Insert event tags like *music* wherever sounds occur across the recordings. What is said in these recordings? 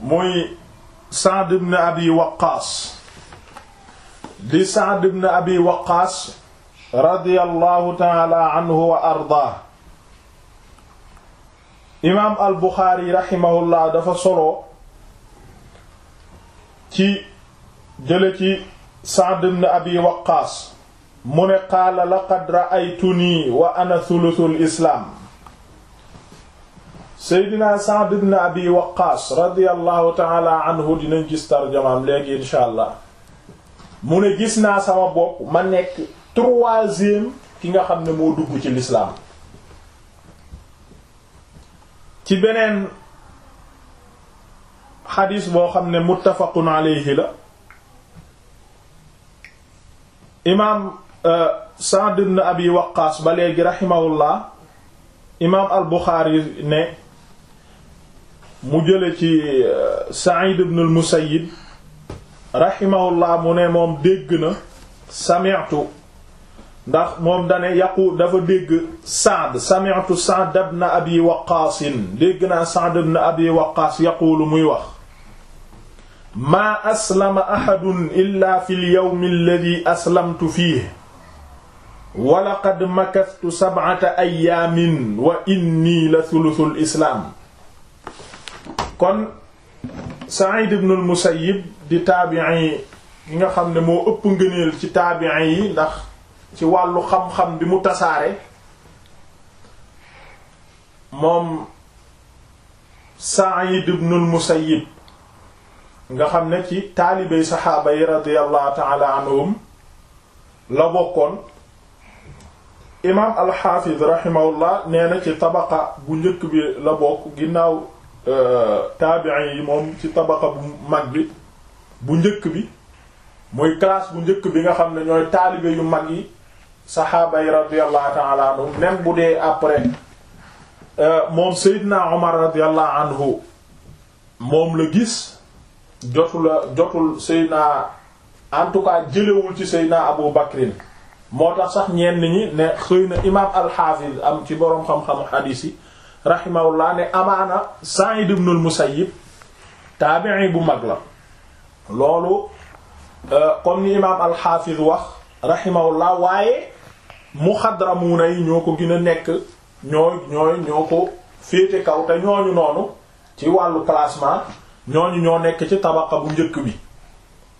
muy Saad ibn Abi Waqqaas di Saad ibn Abi Waqqaas radiyallahu taala anhu wa ardaa imaam al Buxaari raximahullah dafa solo ci jële ci Saad ibn Abi Waqqaas mu ne qaala laqad ra'aytunii wa ana thuluthul islaam seydina Sa'd ibn Abi Waqqaas radiyallahu taala anhu dinañ gis tarjamaam léegi insha allah mu ne gis naa sama bopp ma nekk troisième ki nga xam ne moo dugg ci lislaam ci beneen xadis boo xam ne muttafaqun alayhi la imaam euh, Sa'd ibn Abi Waqqaas ba léegi rahimahullah imaam al Buxaari ne mu jële ci euh, Sa'id ibn al-Musayyib rahimahullah mu ne moom dégg na sami'tu ndax moom dane yaqu dafa dégg Sa'd sami'tu Sa'd ibn Abi Waqqas dégg naa Sa'd ibn Abi Waqqas yaqulu muy wax maa aslama ahadun illa fi lyowmi alladi aslamtu fiih wa laqad makastu sab'ata ayaamin wa inni la thuluthul islaam kon Sa'id ibn al-Musayyib di taabi'i yi nga xam ne moo ëpp ngëneel ci taabi'i yi ndax ci wàllu xam-xam bi mu tasaare moom Sa'id ibn al-Musayyib nga xam ne ci taalibey saxaaba yi radiyallahu ta'ala anhum la bokkoon imaam al-Hafiz nee na ci tabaqa bu njëkk bi la bokk ginnaaw Euh, taabiin yi moom ci tabaqa bu mag bi bu njëkk bi muy classe bu njëkk bi nga xam ne ñooy taalibe yu mag yi saxaaba yi radiyallahu ta'ala anhum même bu dee après euh, moom Seydina Omar radiyallahu anhu moom la gis jotul jotul Seydina en tout cas jëlewul ci Seydina Abu Bakrin moo tax sax ñenn ñi ne xëy na imaam al am ci boroom xam-xamu hadis rahimahullah ne amaana Sa'id ibn al-Musayyib taabi'i bu mag la loolu euh, comme ni imaam al-Hafiz wax rahimahullah waaye muxadramuuna yi ñoo ko gën nekk ñooy ñooy ñoo ko féete kaw te ñooñu noonu ci wàllu classement ñooñu ñoo nekk ci tabaqa bu njëkk bi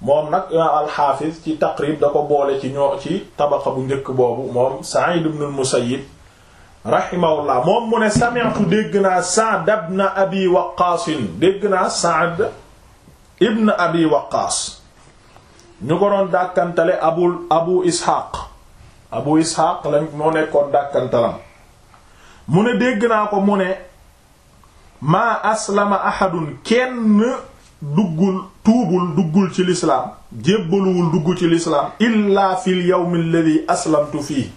moom nag imaam al ci taqrib da ko boole ci ñoo ci tabaqa bu njëkk boobu moom Sa'id ibn al-Musayyib rahimahullah moom mu ne sami'tu dégg naa Sa'd ibn Abi Waqqaas dégg naa Sa'd ibn Abi ñu ko doon dàkkantale abul abu Ishaq abu Ishaq lañ moo nekkoon dàkkantalam mu ne dégg naa ko mu ne maa aslama ahadun kenn duggul tuubul duggul ci lislaam jébbaluwul dugg ci lislaam illa fil yawmi alladhi aslamtu fihi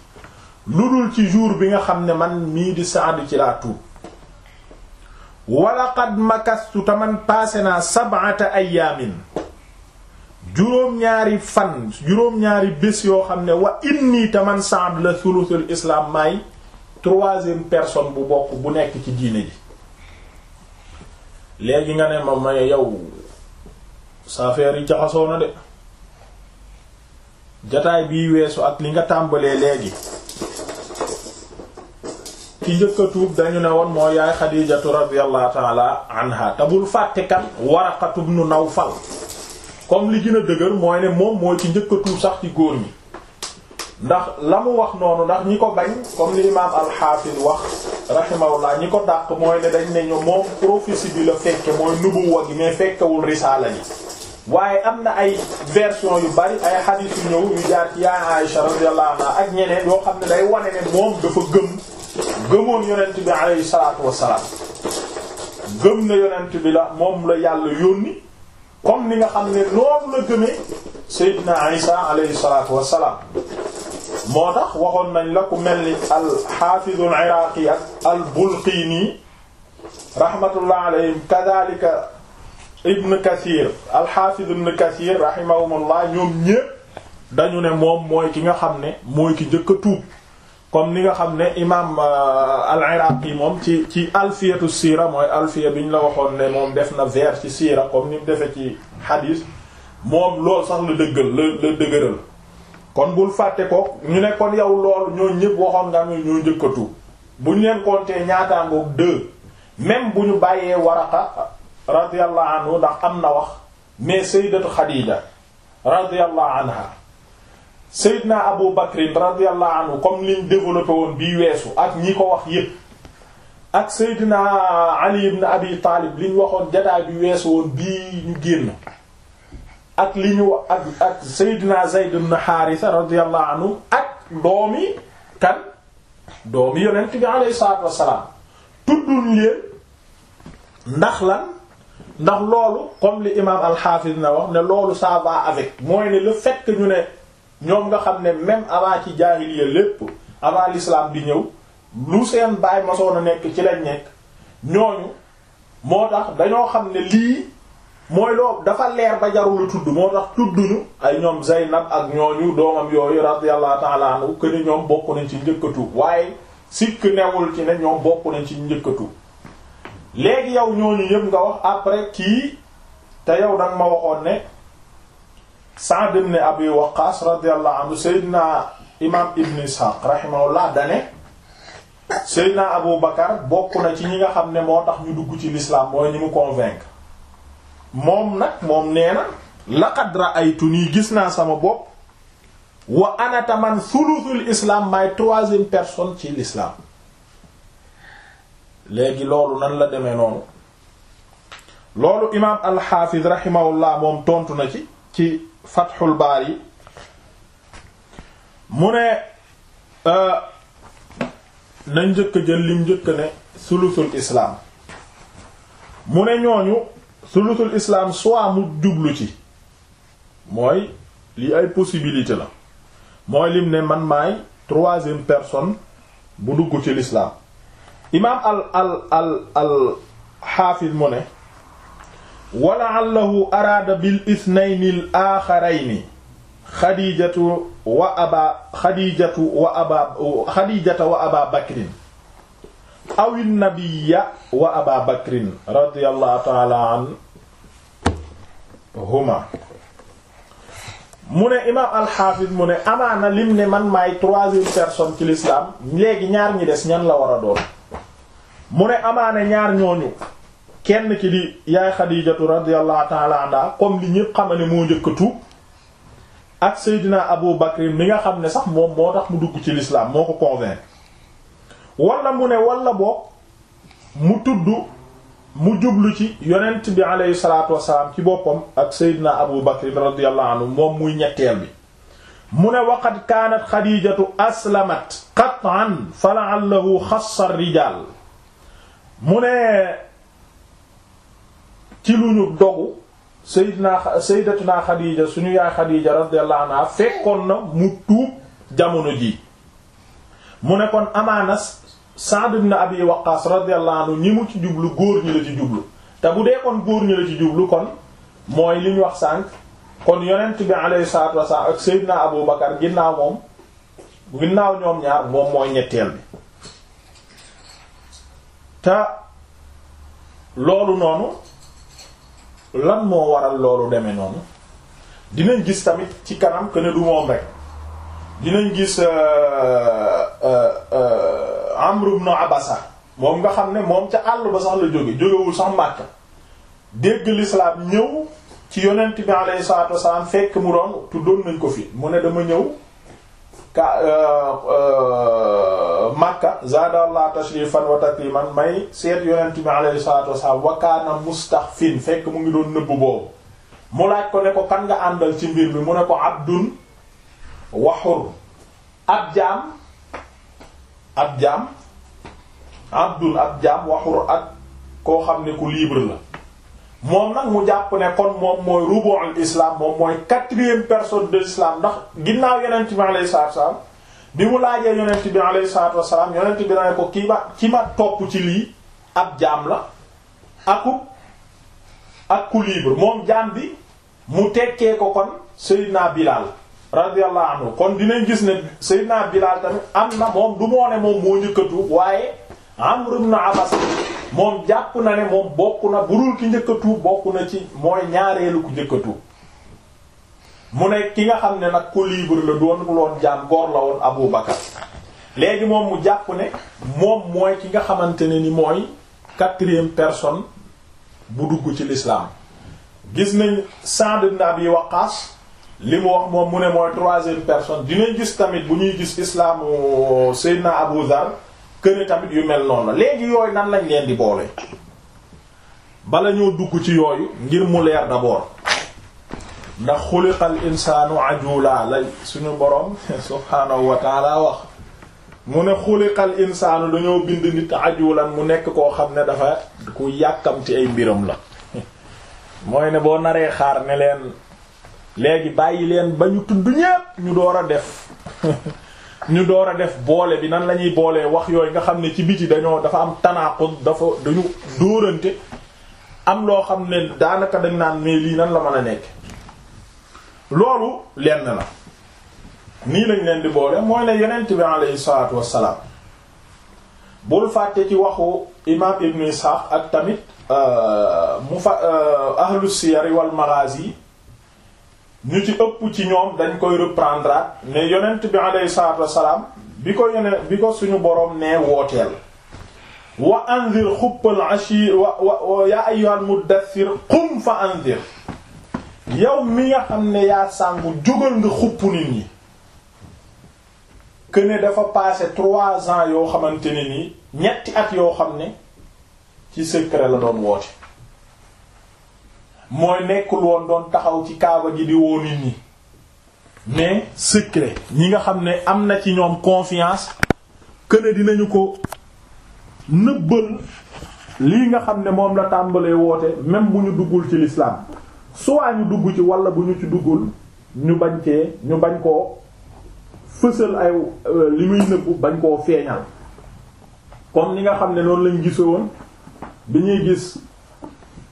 lu dul ci jur bi nga xam ne man mii di saadu ci laa tuub wala qad makastu te man paase naa sab'ata ayaamin juróom-ñaari fan juróom-ñaari bés yoo xam ne wa inni te man saad la sulusul islam maay troisième personne bu bokk bu nekk ci diine ji léegi nga ne ma may yow saafeer yi jaxasoo na de jataay biy weesu ak li nga tàmbalee léegi ki njëkk a tuub dañu ne woon mooy yaay xadijatu radiyallahu taala anha te bul fàtte kan waraqatu ibn nawfal comme li gën a dëgër mooy ne moom mooy ki njëkk a sax ci góor ñi ndax la mu wax noonu ndax ñi ko bañ comme li imaam alxaafil wax rahimahullah ñi ko dàq mooy ne dañ ne ñu moom prophétie bi la fekke mooy nubuwa gi mais fekkewul risaala yi waaye am na ay version yu bari ay xadiis yu ñëw yu jaar ci yaa Aïsha radiyallahu ak ñeneen yoo xam ne day wane ne moom dafa gëm gëmoon yonent bi alayhi salaatu wassalaam gëm na yonent bi la moom la yàlla yónni comme ni nga xam ne noonu la gëmee Seydina Isa alayhi salaatu wassalaam moo tax waxoon nañ la ku mel ni al xaafizu al iraaqi ak ñoom ñépp dañu ne moom mooy ki nga xam ne mooy ki njëkk a tuub comme ni nga xam ne imaam euh, al-Iraqi moom ci ci alfiyatu siira mooy alfiya bi ñu la waxoon ne moom def na vers ci siira comme ni mu defee ci xadiis moom loolu sax la dëggal la la kon bul fàtte ko ñu ne kon yow loolu ñoo ñëpp waxoon nga ne ñoo njëkkatu bu ñu leen compter ñaataangoog deux même bu ñu bàyyee Waraqa radiyallahu anhu ndax am na wax mais sayyidatu Xadiija radiyallahu anha na Abu Bakrin radiyallahu anhu comme liñ développé woon bii weesu ak ñi ko wax yépp ak Seydina Ali ibn Abi Taalib liñ waxoon jataay bi weesu woon bii ñu génn ak li ñu wax ak ak Seydina Zayd ibn Haarisa radiyallahu anhu ak doomi kan doomi yonent bi alayhi salaatu wassalaam tuddul leen ndax lan ndax loolu comme li imaam al na wax ne loolu ça avec mooy ne le fait ñu ne ñoom nga xam ne même avant ci jaahiliya lépp avant l'islam bi ñëw lu seen baay masoon a nekk ci lañ nekk ñooñu moo tax dañoo xam ne lii mooy loo dafa leer ba jarul tudd moo tax tudduñu ay ñoom Zaynab ak ñooñu doomam yooyu radiyallahu ta'ala anhu que ni ñoom bokk nañ ci njëkkatu waaye sikk newul ci ne ñoom bokk nañ ci njëkkatu léegi yow ñooñu yëpp nga wax après kii te yow danga ma waxoon ne Sa'd ibn Abi Waqqas radiyallahu anhu Seydina imaam Ibn Ishaq rahimahullah dane Seydina Abu Bakar bokk na ci ñi nga xam ne moo tax ñu dugg ci lislaam mooy ñi mu convaincre moom nag moom nee na laqad ra'aytuni gis naa sama bopp wa anata man thuluthul islam maay troisième personne ci l'islam léegi loolu nan la demee noonu loolu imaam al-Hafiz rahimahullah moom tontu na ci ci Fathul Baari mu ne euh, na njëkk jël lim njëkk ne sulusul islaam mu ne ñooñu sulusul islaam soit mu jublu ci mooy li ay possibilité la mooy lim ne man maay troisième personne bu dugg ci lislaam imaam al al al al xaafis mu ne wa la'allahu araada bil ithnayni al aaxarayni xadiijatu wa aba xadiijatu wa aba xadiijata wa aba bakrin awin wa aba bakrin radiyallahu taala an huma mu ne imaam alxaafis mu ne amaana lim ne man maay troisième personne ci l'islam léegi ñaar ñi des ñan la war a doon mu ne amaana ñaar ñooñu kenn ki di yaay xadijatu radiyallahu taala anha comme li ñëpp xamane moo njëkk tuub ak seydina abu bakr mi nga xam ne sax moom moo tax mu dugg ci lislaam moo ko convaincre wala mu ne wala boo mu tudd mu jublu ci yonent bi aleyhi salaatu wasalaam ci boppam ak seydina abu bakr radiyallahu anhu moom muy ñetteel bi mu ne waqad kaanat xadijatu aslamat qat'an fa la'allahu xassa rijaal mu ne ci lu ñu dogu Sayyidna Sayyidatuna Khadija suñu yaay Khadija radiyallahu anha fekkoon na mu tuub jamono jii mu ne kon amaanas Sa'd ibn Abi Waqqas radiyallahu anhu ñi mu ci jublu góor ñi la ci jublu te bu dee kon góor ñi la ci jublu kon mooy li wax sànq kon yonent bi alayhi salaatu wasalaam ak Sayyidna Abu Bakar ginnaaw moom ginnaaw ñoom ñaar moom mooy ñetteel bi te loolu noonu lan moo waral loolu deme noonu dinañ gis tamit ci kanam que ne du moom rek dinañ gis euh, euh, euh, Amr ibn Abasa moom nga xam ne moom ca àll ba sax la jóge jógewul sax Makka dégg lislaam ñëw ci yonent bi alayhi salaatu wasalaam fekk mu doon tuddoon nañ ko fi mu ne dama ñëw ka euh, euh, Makka zaadallah tashrifan wa takriman may seet yonent bi alayhi salatu wasalaam wa mustaxfin fekk mu ngi doon nëbb boobu mu laaj ko ne ko kan nga àndal ci mbir mi mu ne ko abdun waxur ab jaam ab jaam waxur ak koo xam ne ku libre la moom nag mu jàpp ne kon moom mooy rubu al islam moom mooy quatrième personne de l'islam ndax ginnaaw yonent bi alayhi salaatu wasalaam bi mu laajee yonent bi alayhi salaatu wasalaam yonent bi na ko kii ba ki ma topp ci lii ab jaam la akub ak ku libre moom jaam bi mu tekkee ko kon Seydina Bilal radiyallahu anhu kon dinañ gis ne Seydina Bilal tamit am na moom du moo ne moom moo njëkkatu waaye Amr ibn Abbas moom jàpp na ne moom bokk na bu dul ki njëkk bokk na ci mooy ñaareelu ku njëkk mu ne ki nga xam ne nag ku libre la doon mu loon jaam la woon Abu Bakar léegi moom mu jàpp ne moom mooy ki nga xamante ne ni mooy quatrième personne bu dugg ci l'islam gis nañ Sa'd ibn Abi Waqqas li mu wax moom mu ne mooy troisième personne dinañ gis tamit bu ñuy gis islaamu Seydina Abu Dhar këne tamit yu mel noonu la léegi yooyu nan lañ leen di boole bala ñoo dugg ci yooyu ngir mu leer d'abord ndax xuliqal insaanu ajula lay suñu borom *laughs* subhaanahu wax mu ne xuliqal insaanu dañoo bind nit ajulan mu nekk koo xam ne dafa ku yàkkamti ay mbiram la *laughs* mooy ne boo naree xaar ne leen léegi bàyyi leen ba ñu tudd ñépp ñu door a def *laughs* ñu door a def boole bi nan la ñuy boolee wax yooyu nga xam ne ci biti dañoo dafa am tanaaqud dafa dañu dóorante am loo xam ne daanaka dañ naan mais lii nan la mën a nekk loolu lenn na nii lañ leen di boole mooy ne yonent bi alayhi salaatu wassalaam bul fàtte ci waxu imaam ibnu Ishaq ak tamit euh, mu fa euh, ahlu siyar wal maghazi ñu ci ëpp ci ñoom dañ koy reprendre ne yonent bi alayhi salaatu wassalaam bi ko yonent bi ko suñu boroom nee wooteel wa anzir xubbal ashir wa wa yaa ayyuhal muddaththir qum fa anzir yow mi nga xam ne yaa sàngu jógal nga xupp nit ñi que dafa passé trois ans yoo xamante ne nii ñetti at yoo xam ne ci secret la doon woote mooy nekkul woon doon taxaw ci kaaba gi di woo nit ñi mais secret ñi nga xam ne am na ci ñoom confiance que ne dinañu ko nëbbal lii nga xam ne moom la tàmbalee woote même bu ñu duggul ci l'islam soo ñu dugg ci wala bu ñu ci duggul ñu bañ cee ñu bañ koo fësal ay euh, li muy nëbbu bañ koo feeñal kon li nga xam ne noonu lañ gisoon bi ñuy gis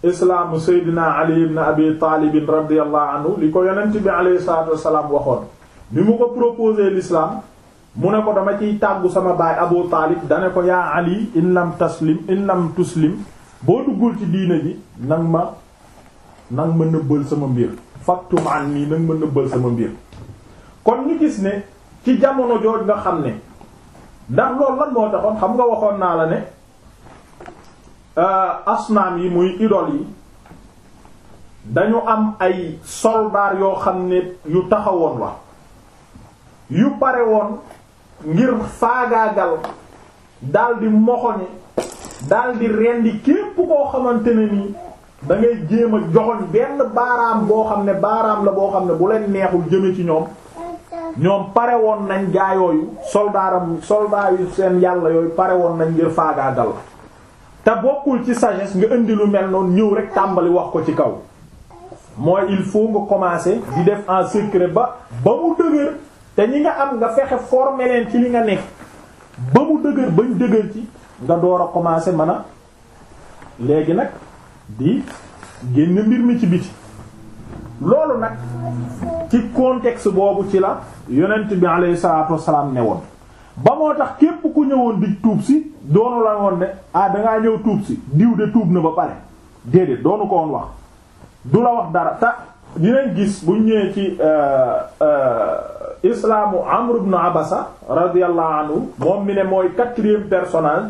islaamu seydina ali ibn abi radiallahu li ko yonent bi alayhi salaatu wassalaam waxoon bi mu ko proposé lislaam mu ne ko dama ciy tàggu sama baay abu taalib dane ko yaa ali in lam taslim in lam tuslim boo duggul ci diine ji nag ma nag ma nëbbal sama mbir faktum an nii nag ma nëbbal sama mbir kon ñu gis ne ci jamono jooj nga xam ne ndax loolu lan moo taxoon xam nga waxoon naa la ne Euh, asnaam yi muy idol yi dañu am ay soldaar yoo xam ne yu taxawoon la yu pare woon ngir faagaagal daldi moxoñe daldi rendi képp koo xamante ne nii dangay jéem a joxoñ benn baaraam boo xam ne baaraam la boo xam ne bu leen neexul jëme ci ñoom ñoom pare woon nañ gaayooyu soldaaram soldaar yu seen yàlla yooyu pare woon nañ ngir faagaagal la te bokkul ci sagesse nga indi lu mel noonu ñëw rek tàmbali wax ko ci kaw mooy il faut nga commencer di def en secret ba ba mu dëgër te ñi nga am nga fexe former leen ci li nga nekk ba mu dëgër bañ dëgër ci nga door a commencer mën a léegi nag di génn mbir mi ci biti loolu nag ci contexte boobu ci la yonent bi alayhi salaatu wasalaam ne woon ba moo tax képp ku ñëwoon di tuub si doonu la woon ne ah dangaa ñëw tuub si diw de tuub na ba pare déedéet doonu ko woon wax du la wax dara ta dinañ gis buñ ñëwee ci euh, euh, islaamu Amr ibn Abasa radiyallahu anhu moom mi ne mooy quatrième personnage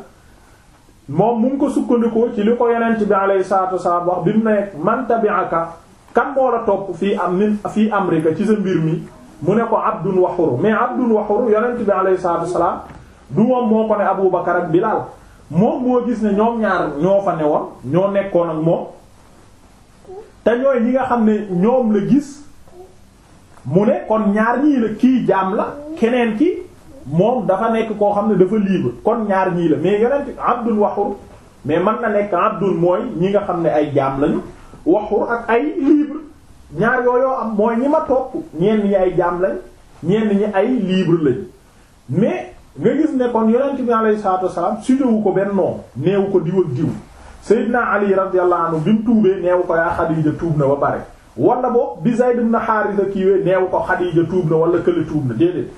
moom mu ngi ko sukkandikoo ci li ko yonent bi alayhi salaatu wasallam wax bi mu ne man tabi'aka topp fii am min fii amrika ci sa mbir mi mu ne ko abdun wa hur mais abdun wa hur bi alayhi salaatu wasallam du moom moo ko ne Abu Bakar ak laal moom moo gis ne ñoom ñaar ñoo fa newoon ñoo nekkoon ak moom te ñooy ñi nga xam ne ñoom la gis mu ne kon ñaar ñii la kii jaam la keneen ki moom dafa nekk koo xam ne dafa libre kon ñaar ñii la mais yeneen abdun waxur mais man na nekk abdun mooy ñi nga xam ne ay jaam lañu waxur ak ay libre ñaar yooyoo am mooy ñi ma topp ñenn ñi ay jaam lañ ñenn ñi ay libre lañ mais nga gis ne kon yonent a alayhi salaatu wasalaam suñu ko benn noonu neewu ko diw ak diw Seydina Ali radiyallahu anhu bi mu tuubee neewu ko yaa Xadiija tuub na ba bare wala boog bi na ibn a kiiwee neewu ko Xadiija tuub na wala kële tuub na déedéet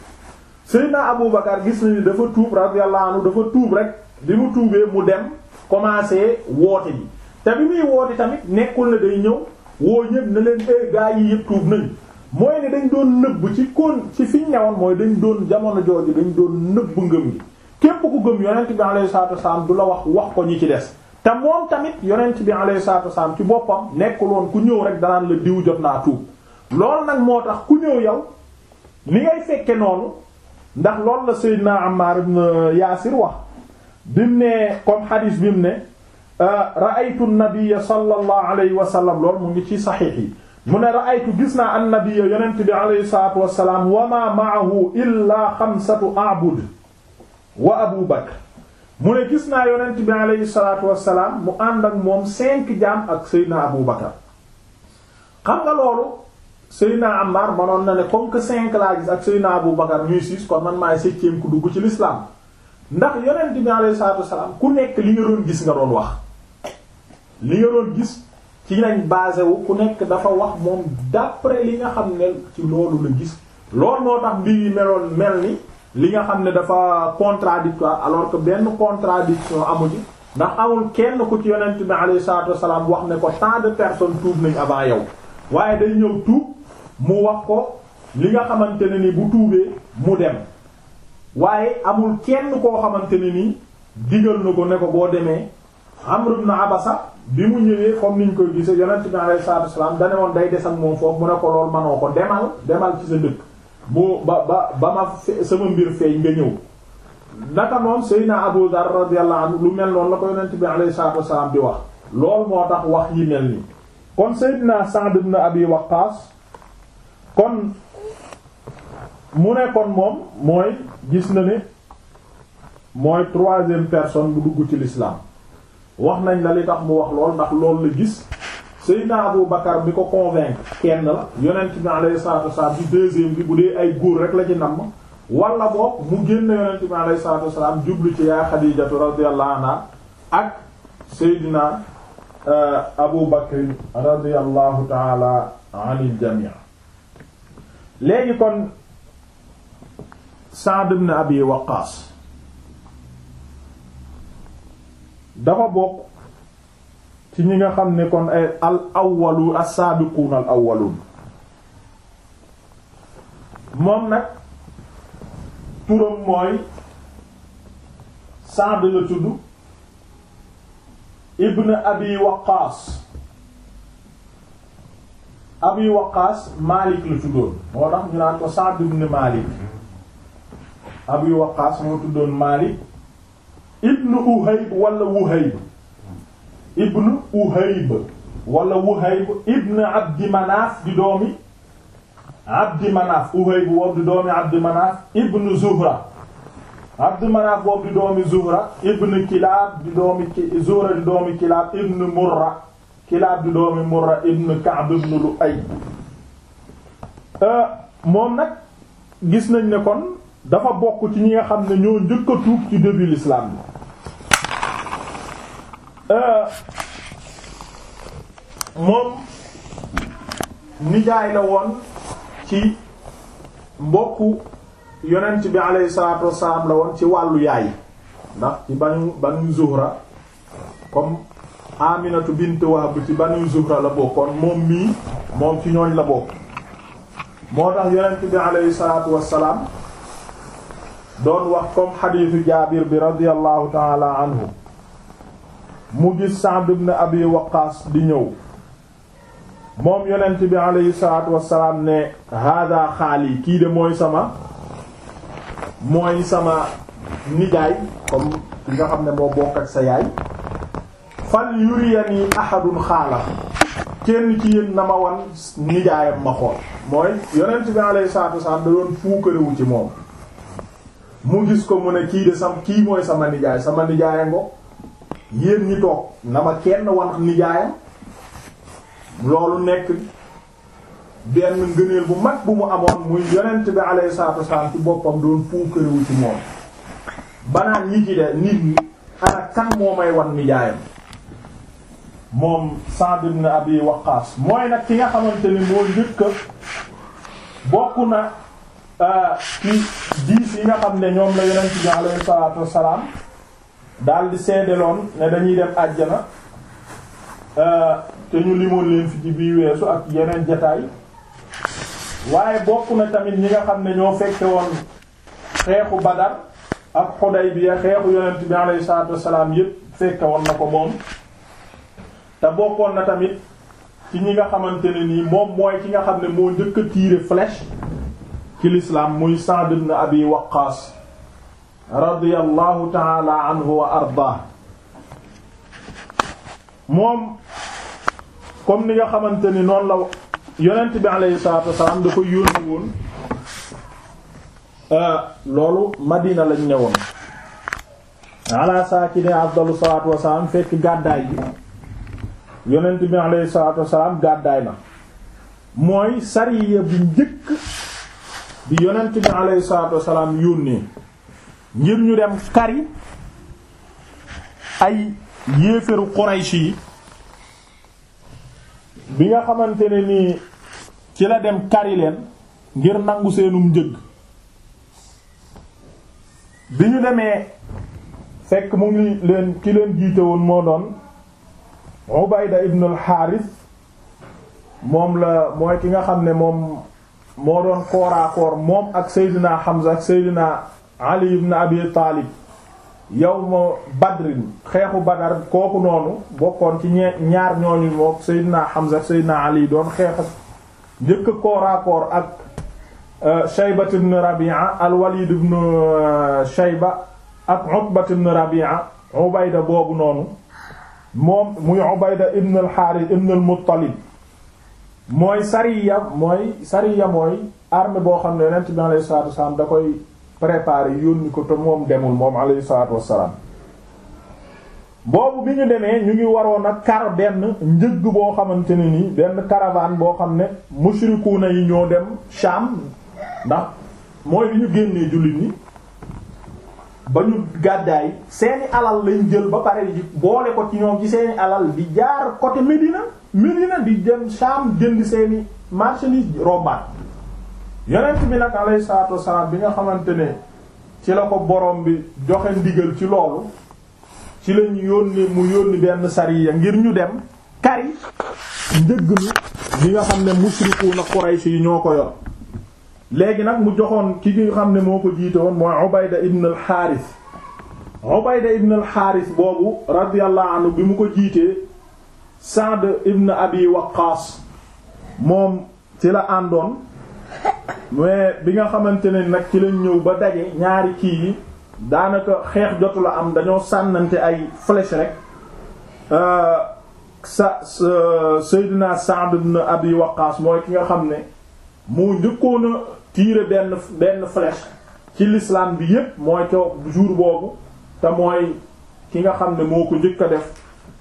Seydina Abu Bakar gis nañu dafa tuub radiyallahu anhu dafa tuub rek bi mu tuubee mu dem commencé woote ji te bi muy woote tamit nekkul na day ñëw woo ñëpp na leen ay eh, gaa yi yëpp tuub nañu. mooy ne dañ doon nëbb ci koon ci fi ñu ñëwoon mooy dañ doon jamono jooju dañ doon nëbb ngëm gi képp ku gëm yonent bi alayhi salaatu wasalaam du la wax wax ko ñi ci des te moom tamit yonent bi alayhi salaatu wasalaam ci boppam nekkul woon ku ñëw rek danaan la diw jot naa tuub lool nag moo tax ku ñëw yow ni ngay fekke noonu ndax loolu la Seydina Ammar ibn Yaasir wax bi mu ne comme xadiis bi mu ne ra'aytu an-nabiyya sallallahu alayhi wa sallam loolu mu ngi ci saxiix yi mu ne ra'aytu gis naa annabiyya yonent bi alayhi salaatu salaam wa maa ma'ahu illaa xamsatu a'bud wa Abu Bakr mu ne gis naa yonent bi alayhi salaatu wassalaam mu ànd ak moom cinq jaam ak Seydina Abu Bakr xam nga loolu Seydina Ammar manoon na ne comme que cinq laa gis ak Seydina Abu Bakr ñuy six kon man maay septième ku dugg ci l'islam ndax yonent bi alayhi salaatu wassalaam ku nekk li nga doon gis nga doon wax li nga doon gis ci lañ basé wu ku nekk dafa wax moom d'après li nga xam ne ci loolu la gis loolu moo tax mbir yi meloon mel ni li nga xam ne dafa contradictoire alors que benn contradiction amu ci ndax amul kenn ku ci yonent bi alayhi salaatu wasalaam wax ne ko tant de personne tuub nañ avant yow waaye day ñëw tuub mu wax ko li nga xamante ne ni bu tuubee mu dem waaye amul kenn koo xamante ne ni digal na ko ne ko boo demee Amr na Abasa bi mu ñëwee comme niñ koy gisee yonent bi alayhi salaatu wasalaam da ne woon day des ak moom foofu mu ne ko lool manoo ko demal demal ci sa dëkk boo ba ba ba ma sama mbir feeñ nga ñëw naka noonu Seydina Abu Dar radiyallahu anhu lu mel noonu la ko yonent bi alayhi salaatu wasalaam di wax lool moo tax wax yi mel nii kon Seydina Sa'd ibn Abi Waqqas kon mu ne kon moom mooy gis na ne mooy troisième personne bu dugg ci l'islam wax nañ la li tax mu wax lool ndax loolu la gis Seydina Abu Bakar bi ko convaincre kenn la yonent bi alayhi salatu wassalam bi deuxième bi bu dee ay góor rekk la ci namm wala boog mu génn yonent bi alayhi salatu wassalam jublu ci yaa Xadiijatu radiyallahu anha ak Seydina euh, Abu Bakr radiyallahu taala anil jamii léegi kon Sa'd ibn Abi Waqqas dafa bokk ci ñi nga xam ne kon ay al awwalu as al awwalun moom nag turam mooy Sa'd la tudd ibn abi waqaas abi waqaas Malik la tuddoon moo tax ñu naan ko Sa'd ibn Malik abi waqaas moo tuddoon Malik ibnu Uhayb wala Wuhayb ibnu Uhayb wala Wuhayb ibnu Abdi Manaaf di doomi Abdi Manaaf Uhayb boobu di doomi Abdi Manaaf ibnu Zuhra Abdi Manaaf boobu di doomi Zuhra ibnu Kilaab di doomi Kilaab ibnu Murra Kilaab di doomi Murra ibnu Ka'b ibnu Lu'ay euh, moom nag gis nañ ne kon dafa bokk ci ñi nga xam ne ñoo njëkk ci début l'islam Euh, moom nijaay la woon ci mbokku yonent bi alayhi salaatu wassalaam la woon ci wàllu yaay ndax ci banu banu Zuhra comme Aminatu bint Wahb ci banu Zuhra la bokkoon moom mii moom ci ñooñ la bokk moo tax yonent bi alayhi salaatu wassalaam doon wax comme xadiisu Jaabir bi radiyallahu taala anhu mu gis Sa'd na Abi Waqqaas di ñëw moom yonent bi aleyhi salaatu wassalaam ne hada xaali kii de mooy sama mooy sama nijaay comme ki nga xam ne moo bokk ak sa yaay fal yuriyani ahadun xaala kenn ci yéen na ma wan nijaayam ma xool mooy yonent bi aleyhi salaatu wassalaam da doon fuukarewu ci moom mu gis ko mu ne kii de sam kii mooy sama nijaay sama nijaaya yéen ñi toog na ma kenn wax nijaayam loolu nekk benn ngëneel bu mag bu mu amoon muy yonent bi alayhi salaatu wasalaam ci boppam doon puukarewu ci moom banaan ñi ci de nit ñi ana kan moo may wan nijaayam moom Sa'd ibn Abi Waqqas mooy nag ki nga xamante ni moo njëkk bokk na euh, ci diis yi nga xam ne ñoom la yonent bi alayhi salaatu wasalaam daal di seedeloon ne dañuy dem àjjana euh, te ñu limoon leen fi ci bii weesu ak yeneen jataay waaye bokk na tamit ñi nga xam ne ñoo fekke woon xeexu Badar ak Xudaybiya xeexu yonent bi alayhi salaatu wassalaam yépp fekke woon na ko moom te bokkoon na tamit ci ñi nga xamante ne nii moom mooy ki nga xam ne moo njëkk a tiire flèche ci l'islam muy Sa'd ibn Abi Waqqas radiyallahu taala anhu wa ardaa moom comme ni nga xamante ni noonu la yonent bi alayhi salaatu wasalaam da ko yónni woon euh, loolu Madina lañ ne woon ala saakini afdalu salaatu wasalaam fekk gàddaay bi yonent bi alayhi salaatu wasalaam gàddaay na mooy sariya bi njëkk bi yonent bi alayhi salaatu wasalaam yónnee ngir ñu dem kari ay yéeféru Quraysh bi nga xamante ne nii ci la dem kari leen ngir nangu seenum njëg bi ñu demee fekk mu ngi leen ki leen jiite woon moo doon Ubayda ibn al moom la mooy ki nga xam ne moom moo doon kooraakoor moom ak Seydina Hamza ak Seydina ali ibn abi taalib yawma badrin xeexu badar kooku noonu bokkoon ci ñaar ñooñu mook seydina hamza seydina ali doon xeex ak njëkk kooraakoor ak euh, shaybat ibn rabi'a al walid ibn euh, shayba ak utbat ibn rabi'a ubayda boobu noonu moom muy ubayda ibn al harith ibn al muttalib mooy sariya mooy sariya mooy armée boo xam ne yonent bi alayhi salaatu wa salaam da koy préparé yónni ko te moom demul moom alayhi salaatu wassalaam boobu bi ñu demee ñu ngi waroon a kar benn njëg boo xamante ne nii benn caravane boo xam ne mushrikuuna yi ñoo dem Sham ndax mooy li ñu génnee jullit ñi ba ñu gàddaay seeni alal lañ jël ba pare ji boole ko ci ñoom ci seeni alal di jaar côté Médina Médina di dem Sham jënd seeni marchandise rombaat yonent bi nag alayhi salaatu wasalaam bi nga xamante ne ci la ko borom bi joxe ndigal ci loolu ci lañ yónni mu yónni benn sariya ngir ñu dem kari njëgg mi li nga xam ne musrikuuna Quraysh yi ñoo ko yor léegi nag mu joxoon ki nga xam ne moo ko jiite woon mooy Ubayda ibn al Ubayda ibn al boobu radiyallahu anhu bi mu ko jiitee Sa'd ibn Abi Waqqaas moom ci la àndoon mais bi nga xamante ne nag ci lañ ñëw ba daje ñaari kii yi daanaka xeex jotu la am dañoo sànnante ay flèche rek euh, sa Seydina Sa'd ibn Abi Waqqas mooy ki nga xam ne moo njëkkoon a tirer benn benn flèche ci l'islam bi yépp mooy co jour boobu te mooy ki nga xam ne moo ko njëkk a def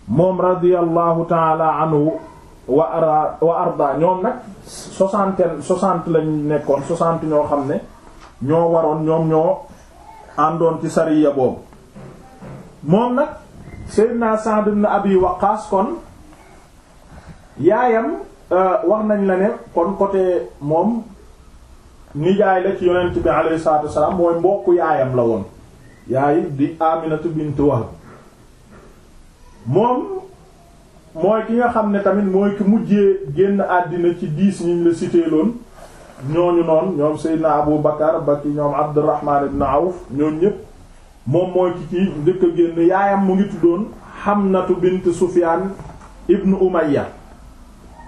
moom radiyallahu ta'ala anhu wa ara wa arda ñoom nag soixante soixante lañ nekkoon soixante ñoo xam ne ñoo waroon ñoom ñoo àndoon ci sariya boobu moom nag Seydina Sa'd ibn Abi Waqqas kon yaayam euh, wax nañ la ne kon côté moom nijaay la ci yonent bi alayhi salaatu wassalaam mooy mbokku yaayam la woon yaay di Aminatu bint Wahb moom mooy ki nga xam ne tamit mooy ki mujjee génn àddina ci diis ñi ñu la cité loon ñooñu noonu ñoom Seydina Abu Bakar ba ci ñoom Abdurrahman ibn Awf ñoom ñëpp moom mooy ki ci njëkk a génn yaayam mu ngi tuddoon Hamnatu bint Sufyan ibn Umayya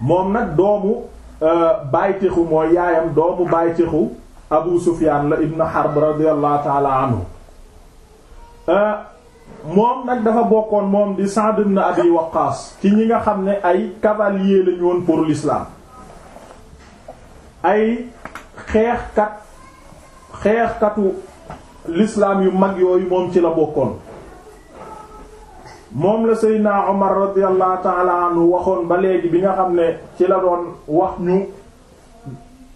moom nag doomu euh, baytixu mooy yaayam doomu baytixu Abu Sufyan la ibn Harb radiyallahu ta'ala anhu euh, moom nag dafa bokkoon moom di Sa'd ibn Abi Waqqas ci ñi nga xam ne ay cavalier lañu woon pour l'islam ay xeexkat xeexkatu l'islam yu mag yooyu moom ci la bokkoon moom la Seydina Omar radiyallahu ta'ala anhu waxoon ba léegi bi nga xam ne ci la doon wax ñu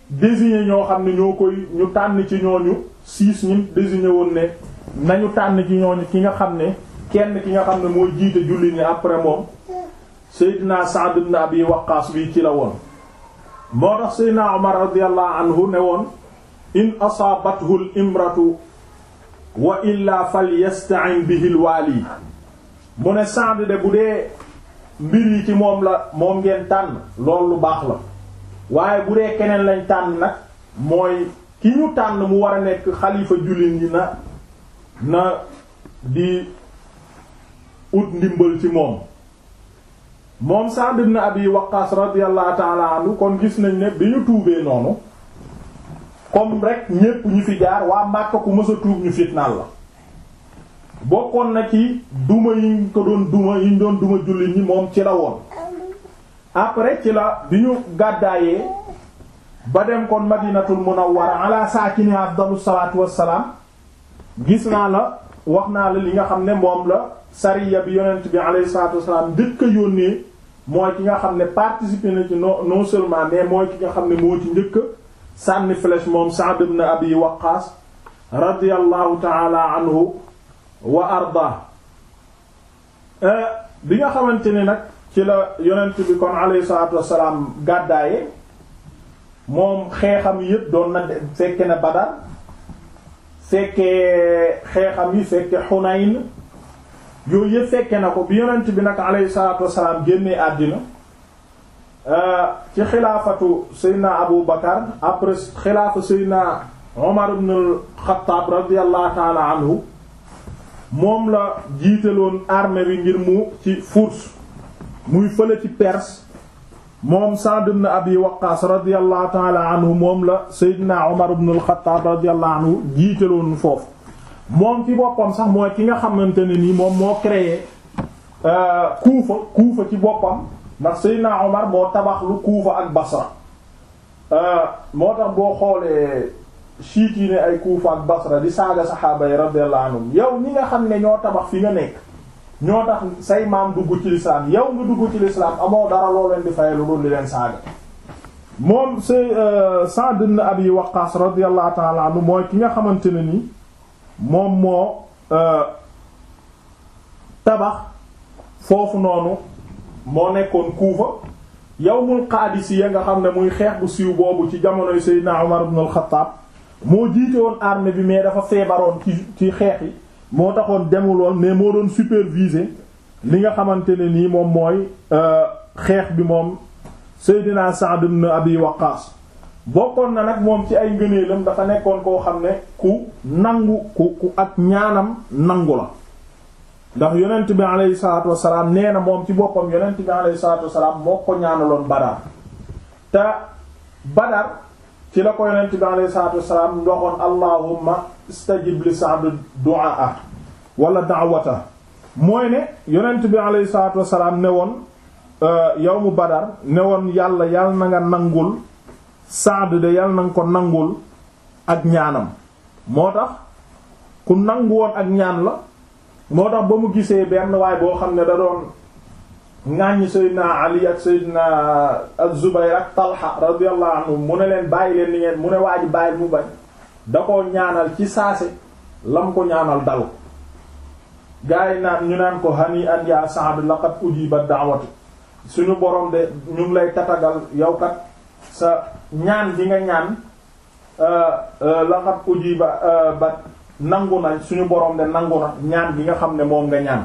désigner ñoo xam ne ñoo koy ñu tànn ci ñooñu siis ñi désigner woon ne nañu tànn ci ñooñu ki nga xam ne kenn ki nga xam ne mooy jiite julli ni après moom Seydina Sa'd ibn Abi Waqqas bi ci la woon moo tax Seydina Umar radiyallahu ne woon in asaabathu l imratu wa illa falyasta'in bihi l waali mu ne Sa'd de bu dee mbir yi ci moom la moom ngeen tànn loolu lu baax la waaye bu dee keneen lañ tànn nag mooy ki ñu tànn mu war a nekk xalifa julli ni na na di ut ndimbal ci moom moom Sa'd ibn Abi Waqqas radiyallahu ta'ala kon gis nañ ne bi ñu tuubee noonu comme rek ñépp ñu fi jaar waa Makka ku mësa tuub ñu fitnaal la bokkoon na ci duma yiñ ko doon duma yiñ doon duma jullit ñi moom ci la woon après ci la bi ñu gàddaayee ba dem kon Madinatul Munawwara ala saakini afdalus salaatu wassalaam gis naa la wax naa la li nga xam ne moom la sariya bi yonent bi alayhi salaatu wasalaam njëkk a yónnee mooy ki nga xam ne participer na ci non non seulement mais mooy ki nga xam ne moo ci njëkk sànni flèche moom Sa'd ibn Abi Waqqas radiyallahu ta'ala anhu wa arda eh, bi nga xamante ni nag ci la yonent bi kon alayhi salaatu wasalaam gàddaaye moom xeexam yépp doon na fekke na Badar fekkee xeexam yi fekke Hunayn yooyu yëpp fekke na ko bi yonent bi nag alayhi salaatu wassalaam génnee àddina euh, ci xilaafatu Seydina Abu Bakar après xilaafa Seydina Omar ibn al-Khattab ta'ala anhu moom la jiitaloon armée bi ngir mu ci force muy fële Perse moom Sa'd ibn Abi Waqqaas radiyallahu taala anhu moom la Seydina Omar ibn al-Khattab radiyallahu anhu jiitaloon foofu moom ci boppam sax mooy ki nga xamante ne nii moom moo créé euh, Kuufa Kuufa ci boppam ndax Seydina Omar moo tabax lu Kuufa ak Basra euh, moo tax boo xoolee siit yi ne ay Kuufa ak Basra di saaga saxaaba yi radiyallahu anhum yow ñi nga xam ne ñoo tabax fi nga nekk ñoo tax say maam dugg ci lislaam yow nga dugg ci lislaam amoo dara loo leen di lu dul di leen saaga moom say euh, Sa'd ibn Abi Waqqas radiyallahu ta'ala mooy ki nga xamante ne nii moom moo euh, tabax foofu noonu moo nekkoon Kuufa yawmul Qaadisiya nga xam ne muy xeex bu siiw boobu ci jamonoy Seydina Umar ibn al moo jiite woon armée bi mais dafa feebaroon ci ci xeex yi moo taxoon demu woon mais moo doon superviser li nga xamante ne nii moom mooy euh, xeex bi moom Seydina Sa'd ibn Abi Waqqas bokkoon na nag moom ci ay ngëneelam dafa nekkoon koo xam ne ku nangu ku ku ak ñaanam nangu la ndax yonent bi alayhi salaatu wasalaam nee na moom ci boppam yonent bi alayhi salaatu wasalaam moo ko ñaanaloon Badar te Badar ci la ko yonent bi alayhi salaatu wasalaam ndoxoon allahumma istajib li Sa'd du'aa wala da'wata mooy ne yonent bi alayhi salaatu wassalaam ne woon euh, yawmu Badar ne woon yàlla yàlla na nga nangul Sa'd de yàlla na nga ko nangul ak ñaanam moo tax ku nangu woon ak ñaan la moo tax ba mu gisee benn waay boo xam ne da doon ŋàññ Seydina Ali ak Seydina ak ak Talha radiyallahu anhu mu ne leen bàyyi leen ni ngeen mu ne waa ji bàyyi mu bañ da koo ñaanal ci saase lam ko ñaanal dal gaa yi naan ñu naan ko hani an ya Sa'd laqad ujiba da'watu suñu borom de ñu lay tatagal yow kat sa ñaan di nga ñaan euh, euh, laqad ujiba euh, ba nangu na suñu borom de nangu na ñaan gi nga xam ne moom nga ñaan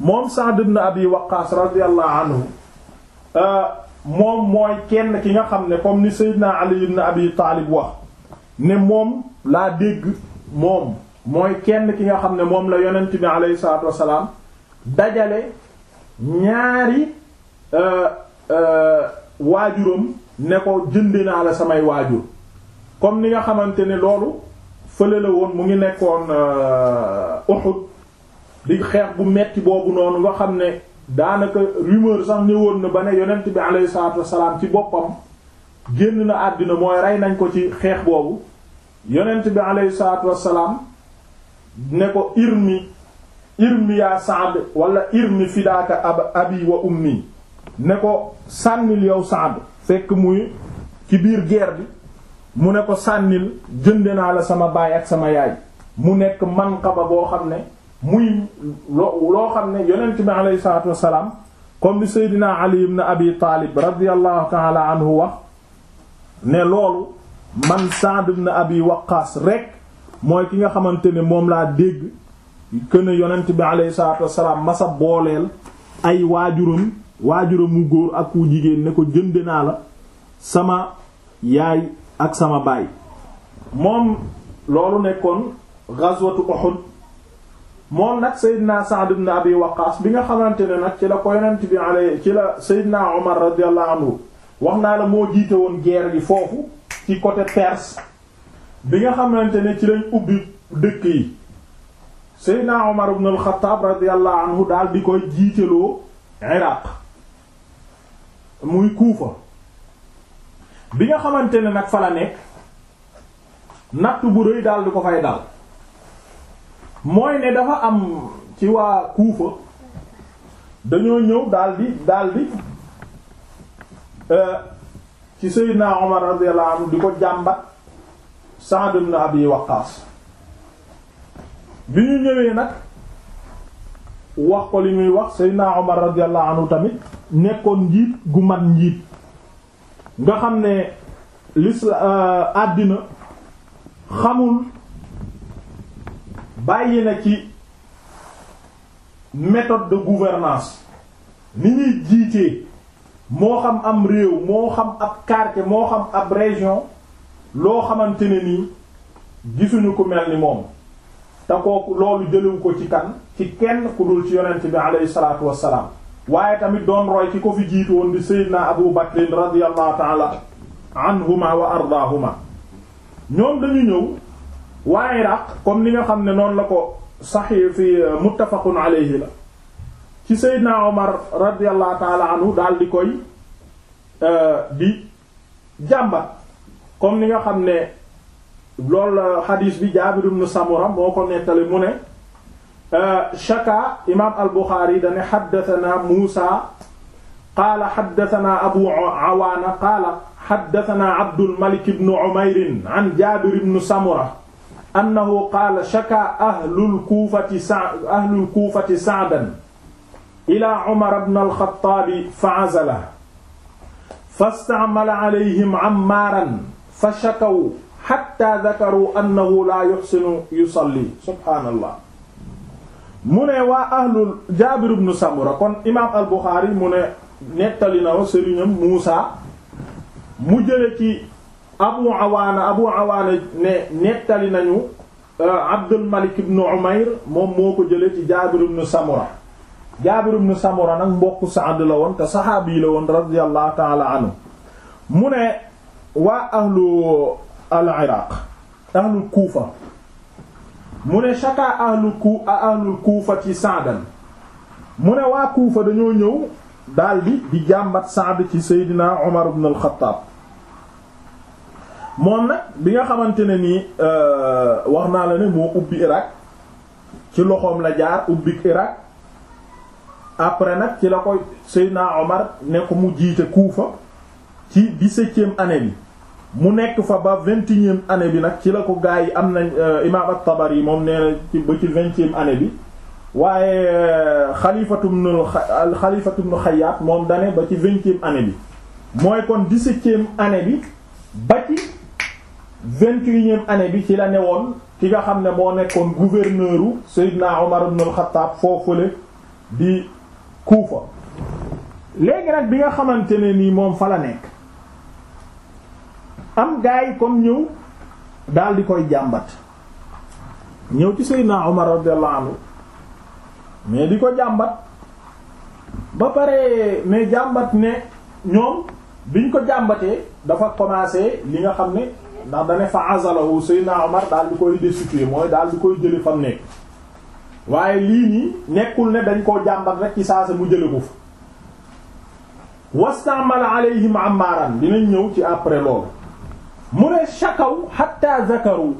moom Sa'd ibn Abi Waqqas radiyallahu anhu moom mooy kenn ki nga xam ne comme ni Seydina Ali ibn Abi Talib wax ne moom laa dégg moom mooy kenn ki nga xam ne moom la yonent bi alayhi salaatu wassalaam dajale ñaari euh, euh, waajuram ne ko jëndi naa la samay waajur comme ni nga xamante ne loolu fële la woon mu ngi nekkoon euh, Uhud di xeex bu metti boobu noonu nga xam ne daanaka rumeur sax ñëwoon na ba ne yonent bi alayhi salaatu wassalaam ci boppam génn na àddina mooy rey nañ ko ci xeex boobu yonent bi aleyhi salaatu wassalaam ne ko irmi irmi yaa Saad wala irmi fidaaka abi wa ummi ne ko sànnil yow Saad fekk muy ci biir guerre bi mu ne ko sànnil jënde naa la sama baay ak sama yaay mu nekk manqaba boo xam ne muy loo xam ne yonent bi aleyhi salaatu wassalaam comme bi Seydina Ali ibn Abi Taalib radiyallahu taala anhu wax ne loolu man Sa'd ibn Abi Waqqas rek mooy ki nga xamante ne moom laa dégg kën a yonent bi alayhi salaatu wassalaam masa booleel ay waajuram waajuram wu góor ak wu jigéen ne ko jënd naa la sama yaay ak sama baay moom loolu nekkoon ghazwatu Uhud moom nag Seydina Sa'd ibn Abi bi nga xamante ne nag ci la ko yonent bi alayhi ci la Seydina Omar radiyallahu anhu wax naa la moo jiite woon guerre gi foofu ci côté Perse bi nga xamante ne ci lañ ubbi dëkk yi Seydina Omar ibn al-Khattab radiyallahu anhu daal di koy jiiteloo Iraq muy Kuufa bi nga xamante ne nag fa la nekk natt bu rëy daal di ko fay dal mooy ne dafa am ci waa Kuufa dañoo ñëw daal di daal di euh, ci Seydina Omar radiyallahu anhu di ko jàmbat Sa'd ibn Abi Waqqas bi ñu ñëwee nag wax ko li muy wax Seydina Omar radiyallahu anhu tamit nekkoon njiit gu mat njiit nga xam ne l'islam euh, xamul bàyyi na ci méthode de gouvernance ni ñuy jiitee moo xam am réew moo xam ab quartier moo xam ab région loo xamante ne nii gisuñu ko mel ni moom te kooku loolu jëlewu ko ci kan ci kenn ku dul ci yonent bi alayhi salaatu wassalaam waaye tamit doon roy ki ko fi jiitu woon di Seydina Abu Bakrin radiyallahu taala anhuma wa ardaahuma ñoom dañu ñëw waa Iraq comme ni nga xam ne noonu la ko saxi fi muttafaqun alayhi la ci Seydina Omar radiyallahu taala anhu daal di koy euh, di jàmbat comme ni nga xam ne loolu la xadiis bi Jaabir ibn Samura moo ko nettali mu ne euh, shaka imaam al-Buxaari dane xaddatanaa Muusa qaala xaddatanaa Abu Awaana qaala xaddatanaa Abdul Malik ibn Umayr an Jaabir ibn Samura annahu qaala shaka ahlul Kuufati Sa'd ahlul Kuufati Sa'dan ila Umar ibn al-Khattaab fa azalahu fasta'mala alayhim Ammaaran fa shakaw hatta dhakaru annahu laa yuhsinu yusalli subhaanallah mu ne waa ahlul Jaabir ibn Samura kon imaam al-Buxaari mu ne nettali na wa sëriñam Muusa mu jële ci Abu Awaana Abu Awaana ne nettali nañu euh, Abdul Malik ibn Umayr moom moo ko jële ci Jaabir ibn Samura Jaabir ibn Samura nag mbokku Saad la woon te saxaabi la woon radiyallahu ta'ala anhu mu ne waa ahlu al-Iraq ahlul Kuufa mu ne shaka ahlu Kuufa ci Sa'dan mu ne waa Kuufa dañoo ñëw daldi di jàmbat Saad ci Seydina Omar ibn al-Khattab moom nag bi nga xamante ne nii euh, wax naa la ne moo ubbi Irak ci loxoom la jaar ubbi Irak après nag ci la koy Seydina Omar ne ko mu jiite Kuufa ci dix-septième année bi mu nekk fa ba vingt-et-unième année bi nag ci la ko gaa yi am na euh, imaam at-Tabari yi moom nee na ci ba ci bi waaye xalifatum nu xalifatum nu moom dane ba ci vingtième année bi mooy kon dix-septième année bi ba ci vingt et année bi ci la newoon ki nga xam ne moo nekkoon gouverneuru Seydina Omar ibn al-Khattab foofule di Kuufa léegi nag bi nga xamante ne nii moom fa la nekk am gaa yi comme ñëw daal di koy jàmbat ñëw ci Seydina Omar radiyallahu anhu mais di ko jàmbat ba pare mais jàmbat ne ñoom biñ ko jàmbatee dafa commencé li nga xam ne ndax dane fa azalahu Seydina Omar daal di koy destituer mooy daal di koy jëli fam nekk waaye lii nii nekkul ne dañ koo jàmbat rek ci saasa mu jële ko fa wastaamala alayhim amaaran dinañ ñëw ci après loolu mu ne shakaw hatta zakaru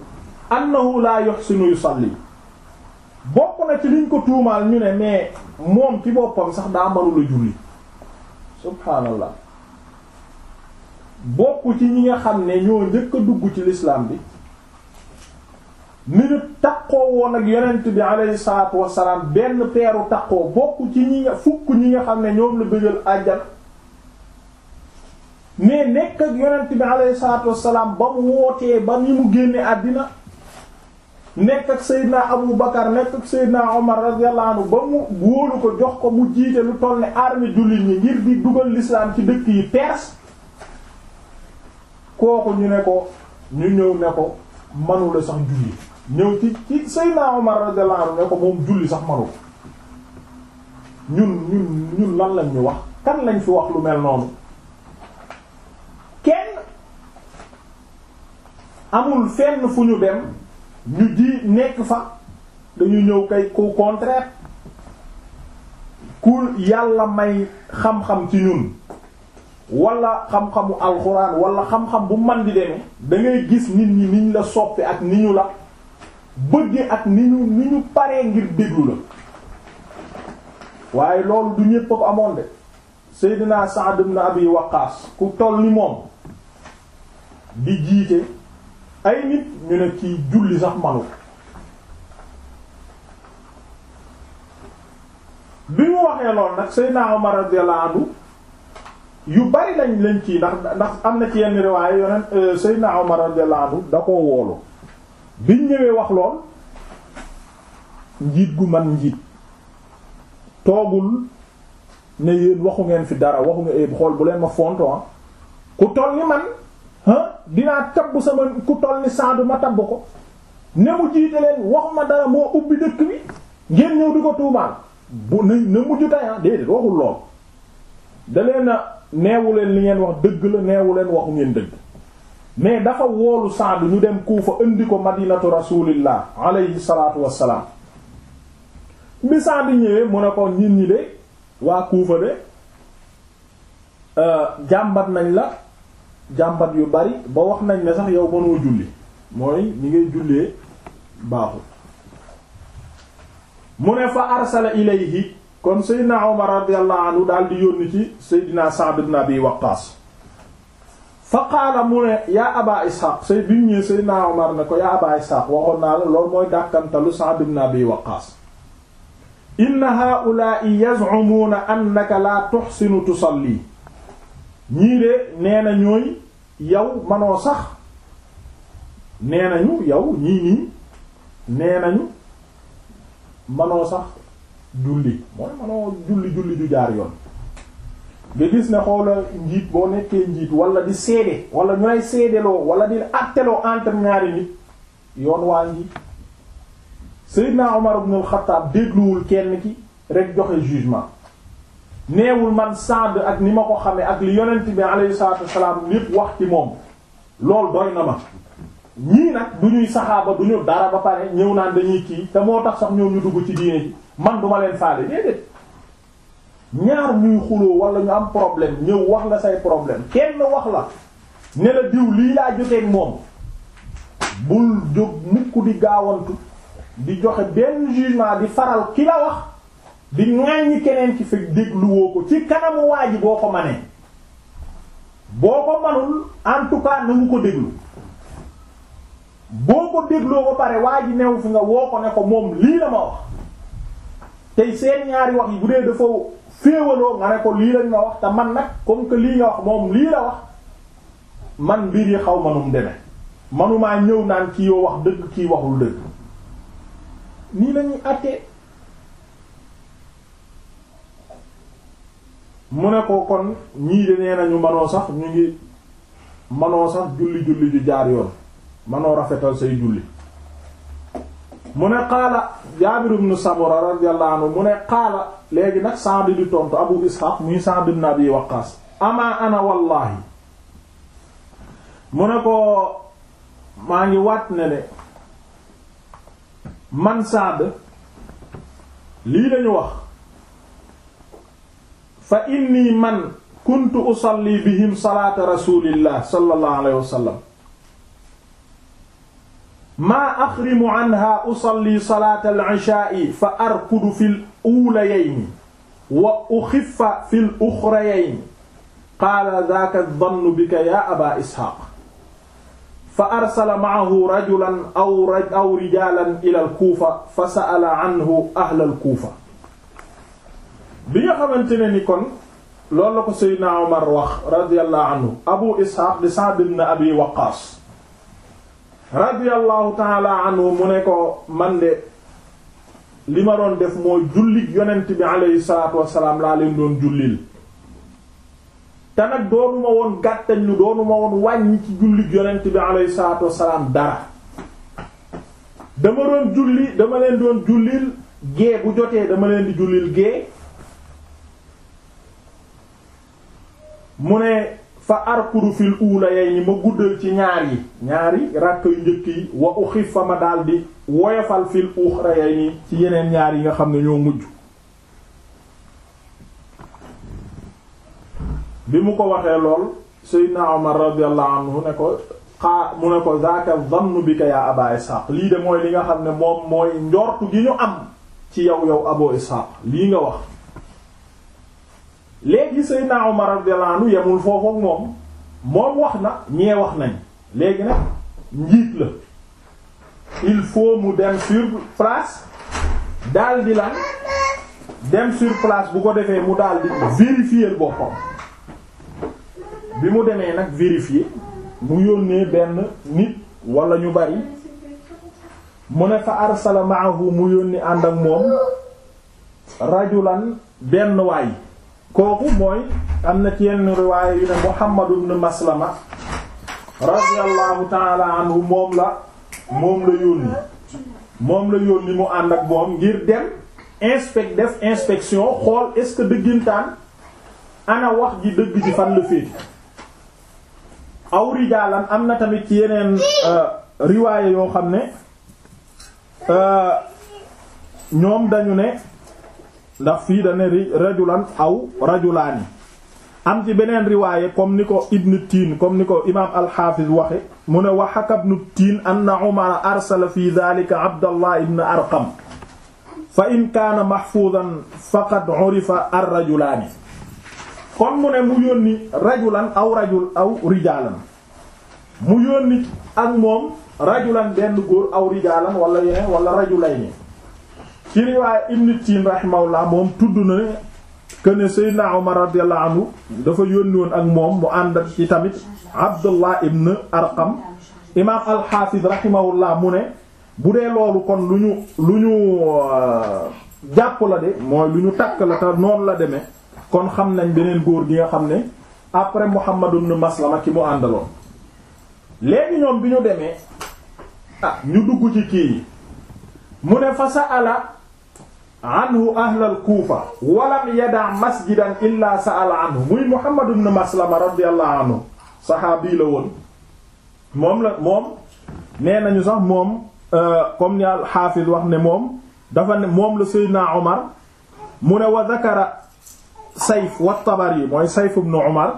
annahu la yuhsinu yusalli bokk na ci liñ ko tuumaal ñu ne mais moom ci boppam sax daa mënula julli subhaanallah bokk ci ñi nga xam ne ñoo njëkk dugg ci lislaam bi minute takkoo woon ak yonent bi alayhi salaatu wassalaam benn peeru takkoo bokk ci ñi nga fukk ñi nga xam ne ñoom la bëggal àjjana mais nekk ak yonent bi alayhi salaatu wassalaam ba mu ba mu génne àddina nekk nekk ak Seydina Omar radiyallahu anhu ba ko jox ko mu jiite lu toll ne armée jullit ñi ngir di dugal l'islam ci dëkk yi Perse kooku ñu ne ko ñu ñëw ne ko manula sax julli ñëw ci ci Seydina Omar radiyallahu anhu ne ko moom julli sax manu ko ñun ñun ñun lañ ñu wax kan lañ fi wax lu mel noonu kenn amul fenn fu ñu dem ñu di nekk fa dañu ñëw kay ku contraire ku yàlla may xam-xam ci ñun wala xam-xamu alxuraan wala xam-xam bu man di demee da gis nit ñi niñ la soppi ak ni ñu la bëggee ak ni ñu ni ñu paree ngir déglu la waaye loolu du ñépp ko amoon de Seydina na ibn Abi Waqqas ku toll ni moom di jiite ay nit ñu ne ci julli sax manu bi mu waxee loolu nag Seydina Umar radiyallahu anhu yu bari lañ leen kii ndax ndax am na ci yenn riwaaye yoneen euh, Seydina Umar radiyallahu anhu da koo woolu biñ ñëwee wax lool njiit gu man njiit toogul ne yéen waxu ngeen fi dara waxu nga éeb eh, xool bu leen ma fonto ah. ku toll ni man ah, dinaa tabb sama ku toll ni saadu ma tabb ko ne mu jiite leen waxu dara moo ubbi dëkk bi ngeen ñëw di ko tuumaal bu na na mujj tey ah déedéet waxul lool da leen neewu leen li ngeen wax dëgg la neewu leen waxu ngeen dëgg mais dafa woolu Saad ñu dem Kuufa indi ko madinatu rasulillah alayhi salaatu wassalaam bi Saad ñëwee mu ne ko nit ñi de waa Kuufa de euh, jàmbat nañ la jàmbat yu bari ba wax nañ ne sax yow mënoo julli mooy ñi ngay jullee baaxul mu ne fa arsala ilayhi kon Seydina Omar radiyallahu anhu daal di yónni ci Seydina Saad ibn Abi Waqqas fa qaala mu ne yaa aba ishaq say biñ ñëwee Seydina Omar ne ko yaa aba ishaq waxoon naa la loolu mooy dàkkantalu Sa'd ibn Abi Waqqaas inna haa'ulaa'i yaz'umuuna annaka laa tuhsinu tusalli ñii de nee na ñooy yow manoo sax nee nañu yow ñii nii nee nañu manoo sax julli mooy manoo julli julli ju jaar yoon nga gis ne xoola njiit boo nekkee njiit wala di seede wala ñu lay seedeloo wala di atteloo entre ñaari nit yoon waa ngi Seydina Omar ibn al dégluwul kenn ki rek joxe jugement neewul man Saad ak ni ma ko xamee ak li yonent bi alayhi salaatu wasalaam lépp wax ci moom loolu doy na ma ñii nag du ñuy saxaaba du ñu dara ba pare ñëw naan dañuy kii te moo tax sax ñoom ñu dugg ci diine ji man duma leen faale déedéet ñaar ñuy xuloo wala ñu am problème ñëw wax la say problème kenn wax la ne la diw lii laa joteeg moom bul jóg mukk di gaawantu di joxe benn jugement di faral ki la wax di ŋàññi keneen ci fekk dégluwoo ko ci kanamu waa ji boo ko manee boo ko manul en tout ko déglu boo ko dégloo ba pare waa ji new fi nga woo ko ne ko moom lii la ma wax tey seen ñaari wax yi bu dee dafa féewaloo nga ne ko lii lañ nga wax te man nag comme que lii nga wax moom lii la wax man mbir yi xaw manum deme manumaa ñëw naan kii yoo wax dëgg kii waxul dëgg nii lañuy àtte mu ne ko kon ñii de nee nañu manoo sax ñu ngi manoo sax julli julli ju jaar yoon manoo rafetal say julli mu ne qaala Jaabir ibn Samura radiyallahu anhu mu ne qaala léegi nag Sa'd di tontu Abu Ishaq muy Sa'd ibn Abi Waqqas ama ana wallahi mu ne ko maa ngi waat ne ne man Sa'd lii lañu wax fa inni man kuntu usalli bihim salaata rasulillah sallallahu alayhi wa sallam maa axrimu anha usalli salaata al-ishaa'i fa arkudu fil uulayayni wa uxiffa fil uxrayayni qaala zaaka ad-dannu bika yaa abaa isxaaq fa arsala ma'ahu rajulan aw rijaalan ilal kuufa fa sa'ala anhu ahlal kuufa. bi nga xamante ne ni kon loolu la ko Seydina Omar wax radiyallahu anhu Abu Isxaaq di Sa'd ibn Abi Waqqaas radiyallahu taala anhu mu ne ko man de li ma doon def moo julli yonent bi alayhi salaatu wassalaam laa leen doon jullil te nag doonuma woon gàttañ lu doonuma woon wàññi ci julli yonent bi alayhi salaatu wassalaam dara dama doon julli dama leen doon jullil gée bu jotee dama leen di jullil gée mu ne fa arkudu fil uula yay ni ma guddal ci ñaar yi ñaari ràkk yu njëkk yi wa uxif fa ma daldi woyofal fil uxra yay ni ci yeneen ñaar yi nga xam ne ñoo mujj bi mu ko waxee lool Seydina Omar radiyallahu anhu ne ko xaa mu ne ko zaaka zannu bika yaa Aba Ishaq lii de mooy li nga xam ne moom mooy njortu gi ñu am ci yow yow Abu Ishaq lii nga wax léegi Seydina Omar radiyallahu anhu yemul foofu ak moom moom wax na ñee wax nañ léegi nag njiit la il faut mu dem sur place daal di lan dem sur place bu ko defee mu daal di vérifier boppam bi mu demee nag vérifier mu yónnee benn nit wala ñu bari mu ne fa arsala mu yónni ànd ak moom rajulan benn waay kooku mooy am na ci yenn riwaaya yu ne Muhammad ibn Maslama radiyallahu ta'ala anhu moom la moom la yónni moom la yónni mu ànd ak moom ngir dem inspect def inspection xool est-ce que dëggintaan ana wax ji dëgg ci fan la féeti aw am na tamit ci yeneen euh, riwaaya yoo xam ne euh, ñoom dañu ne ndax fii da ne rajulan aw rajulaani am ci beneen riwaaye comme ni ko ibnu tiin comme ni ko imaam alxaafiz waxe mu ne waxaka ibnu tiin anna umara arsala fi dhalika abdallah ibn arqam fa in kaana mahfuzan faqad urifa ar rajulaani kon mu ne mu yónni rajulan aw rajul aw rijaalan mu yónni ak moom rajulan benn góor aw rijaalan wala yeneen wala rajulayni ci riwaaya Ibn Tin rahimahullah moom tudd na ne que ne Seydina Omar radiyallahu anhu dafa yónni woon ak moom mu ànd ak ci tamit Abdullah Ibn Arqam imaam al-Hafiz rahimahullah mu ne bu dee loolu kon lu ñu lu ñu euh, jàpp la de mooy lu ñu takk la te noonu la demee kon xam nañ beneen góor gi nga xam ne après Muhammad ibn Maslama ki mu àndaloon léegi ñoom bi ñu demee ah ñu dugg ci kii yi mu ne fa sa ala anhu ahlal kuufa walam yadaa masjidan illa sa'ala anhu muy muhammad ibn maslama radiyallahu anhu saxaabi la woon moom la moom nee nañu sax moom euh, comme ni al xaafis wax ne moom dafa ne moom la seydina omar mu ne wa zakara sayf wa tabari mooy sayf ibn omar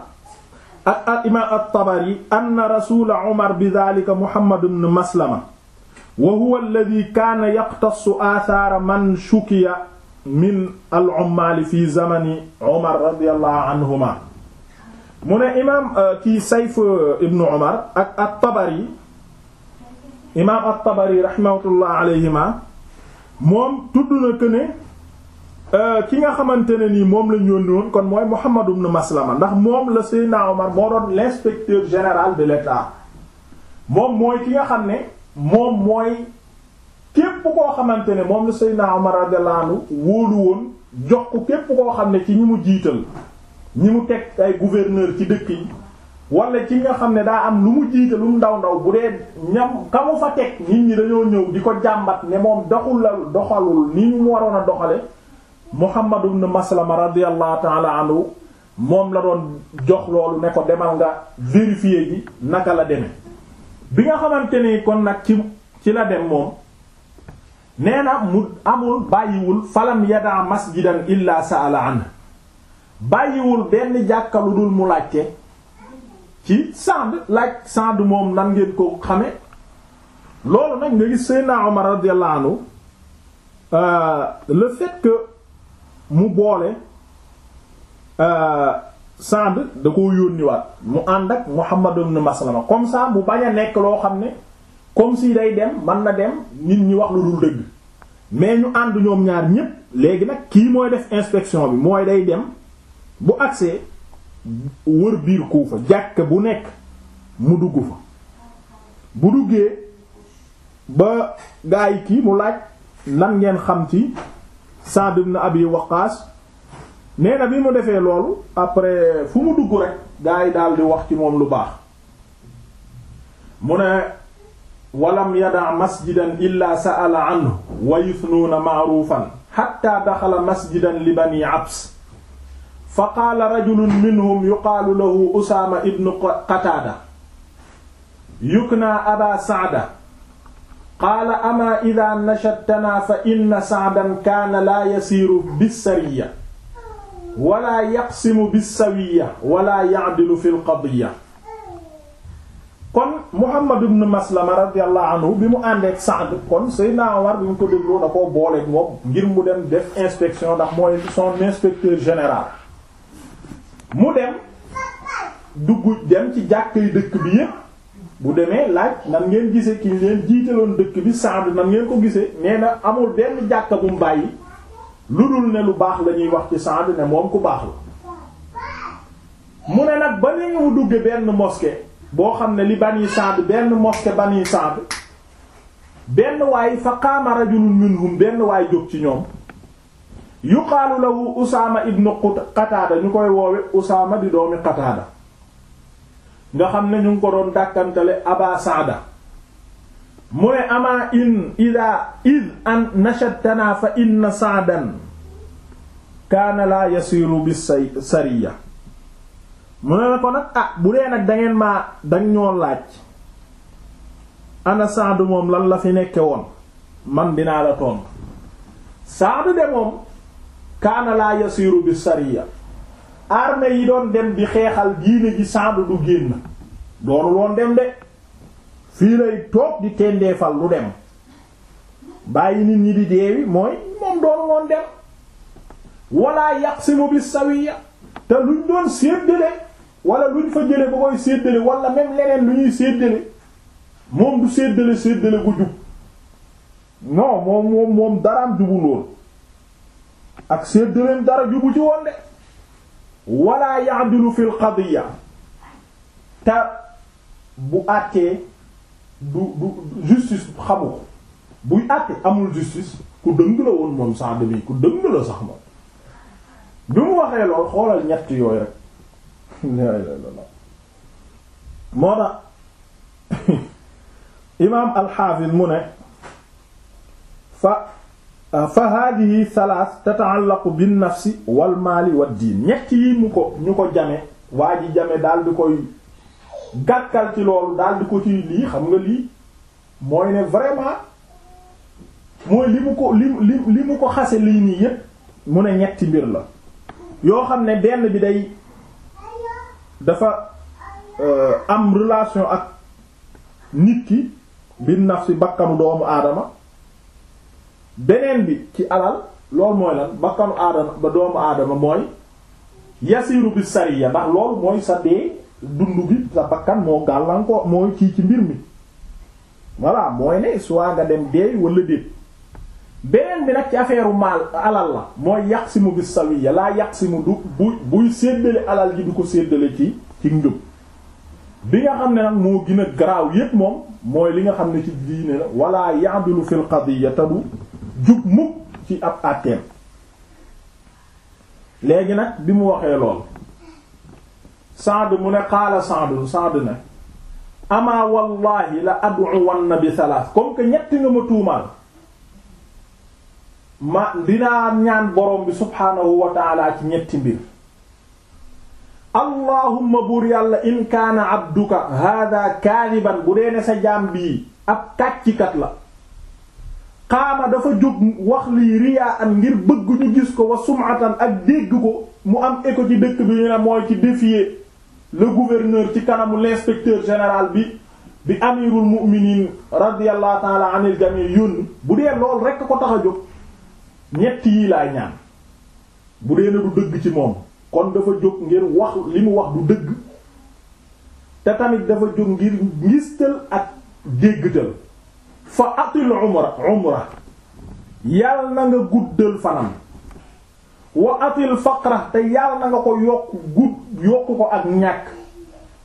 ak al imaam at tabari anna rasula omar bi dhalika muhammad ibn maslama wa huwa alladhi kaana yaqtassu aathaara man shukiya min al ummaali fi zamani Omar radiyallahu anhuma mu ne imaam euh, kii Sayf euh, ibn Omar ak at-Tabari imaam at-Tabari rahmatullah alayhima moom tudd na que ne euh, ki nga xamante ne nii moom la ñu yónni woon kon mooy Muhammad ibn Maslama ndax moom la Seydina Omar moo doon l'inspecteur général de l'État moom mooy ki nga xam ne. moom mooy képp koo xamante ne moom la Seydina Omar radiyallahu anhu wóolu woon jox ko képp koo xam ne ci ñi mu jiital ñi mu teg ay gouverneur ci dëkk yi wala ci nga xam ne daa am lu mu jiite lu mu ndaw ndaw bu dee ñam ka mu fa teg nit ñi dañoo ñëw di ko jàmbat ne moom doxul la doxalul ni mu waroon a doxale Muhammad ibn Maslama radiyallahu ta'ala anhu moom la doon jox loolu ne ko demal nga vérifier ji naka la demee bi nga xamante ni kon nag ci ci la dem moom nee na mu amul bàyyiwul falam yadaa masjidan illa sa'ala an bàyyiwul benn jàkka lu dul mu laajte ci Sa'd laaj Sa'd moom nan ngeen ko xame loolu nag nga gis Seydina Omar radiyallahu anhu euh, le fait mu boole euh, Sa'd da koo yónniwaat mu ànd ak Muhammad na Maslama comme ça mu bañ a nekk loo xam ne comme si day dem man na dem nit ñi wax lu dul dëgg mais ñu ànd ñoom ñaar ñépp léegi nag kii mooy def inspection bi mooy day dem bu agsee wër biir Kuufa jàkk bu nekk mu dugg fa bu duggee ba gaa yi kii mu laaj lan ngeen xam ci Sa'd ibn Abi Waqqas nee na bi mu defee loolu après fu mu dugg rek gaa yi daal di wax ci moom lu baax mu ne walam yada masjidan illa sa'ala anhu wa yusnuuna ma'rufan hatta daxala masjidan li bani abs fa qaala rajulun minhum yuqaalu lahu usaama ibnu qataada yuknaa aba saada qaala ama ida nashatanaa fa inna saadan kaana laa yasiiru bisariya wala yaqsimu bisawiya wala ya'dilu fil qadiya kon Muhammad ibn Maslama radiyallahu anhu bi mu àndeek Sa'd kon Seydina Umar bi mu ko dégloo da koo booleeg moom ngir mu dem def inspection ndax mooy son inspecteur général mu dem dugg dem ci yi dëkk bi yépp bu demee laaj nan ngeen gise ki leen jiitaloon dëkk bi Sa'd nan ngeen ko gisee nee na amul benn jàkka bu bàyyi lu dul ne lu baax la ñuy wax ci Saad ne moom ku baax la mu ne nag ba ni mu dugge benn mosquée boo xam ne li bani Saad benn mosquée bani Saad benn waay fa qaama rajulun minhum benn waay jóg ci ñoom yuqaalu lahu Usaama ibnu Qataada ñu koy woowe Usaama di doomi Qataada nga xam ne ñu ngi ko doon dàkkantale Aba mu ne amaa in ida id an nashattana fa inna sa'dan kaana laa yasiru bi say sariya mu ne na ko nag ah bu dee nag dangeen maa dang ñoo laaj ana Saad moom lan la fi nekke woon man dinaa la tontu Saad de moom kaana laa yasiru bi sariya armée yi doon dem di xeexal diine ji Saad du génn doonul dem de fii lay toog di tendeefal lu dem bàyyi nit ñi di deewi mooy moom doon woon dem wala yaqsimu bis sawiya te luñ doon séddale wala luñ fa jële ba koy séddale wala même leneen lu ñuy séddale moom du séddale séddale gu jub non moom moom daraam jubul woon ak séddaleem dara jubu ci woon de wala ya'dilu fil qadiyya te bu àttee du du justice xamu ko buy àtte amul justice ku dëng la woon moom saa bi ku dëng la sax moom bi mu waxee lool xoolal ñett yooyu rek *laughs* moo tax *laughs* imaam alxaafis mu ne fa fa hadihi thalath tata'allaqu bin nafsi wal maali ñett yi mu ko ñu ko jame waa ji jame daal di koy gàkkal ci loolu daal di ko ci lii xam nga lii mooy ne vraiment mooy li mu ko li li ko xase lii nii yépp mu ne ñetti mbir la yoo xam ne benn bi day dafa euh, am relation ak nit ki bir naf si bakkanu doomu aadama beneen bi ci alal loolu mooy lan bakkanu aadama ba doomu aadama mooy yasiru bi sariya ndax loolu mooy sa dee dund gi sa bakkan moo gàllankoor mooy kii ci mbir mi voilà mooy ne soit nga dem deey wala déet beneen bi nag ci affaire maal alal la mooy yàq si mu gis sawiya laa yàq mu du bu buy séddale alal ji du ko séddale ci ci bi nga xam ne nag moo gën a garaaw yépp moom mooy li nga xam ne ci diine la wala ya'dulu fil qadiyya tadu jub mukk ci ab àtteem léegi nag bi mu waxee lool Saad mu ne qaala Saad Saad ne amaa wallaahi la ad'uwanna bi thalath comme que ñetti nga ma tuumaal ma dinaa ñaan borom bi subhaanahu wa taala ci ñetti mbir allahumma buur yàlla in kaana abduka hada kaadiban bu dee ne sa jaam bii ab kàccikat la xaama dafa jóg wax lii riyaa an ngir bëgg ñu gis ko wa sum'atan ak dégg ko mu am écho ci dëkk bi ñu ne mooy ci défier le gouverneur ci kanamu l'inspecteur général bi bi amirul mu'minin radiyallahu ta'ala anil jami yónn bu dee lool rekk ko tax a jóg ñett yii laay ñaan bu dee na du dëgg ci moom kon dafa jóg ngir wax li mu wax du dëgg te tamit dafa jóg ngir ngistal ak déggtal fa atil umra umra yàlla na nga guddal fanam wa atil faqra te yàlla na nga ko yokk gut yokk ko ak ñàkk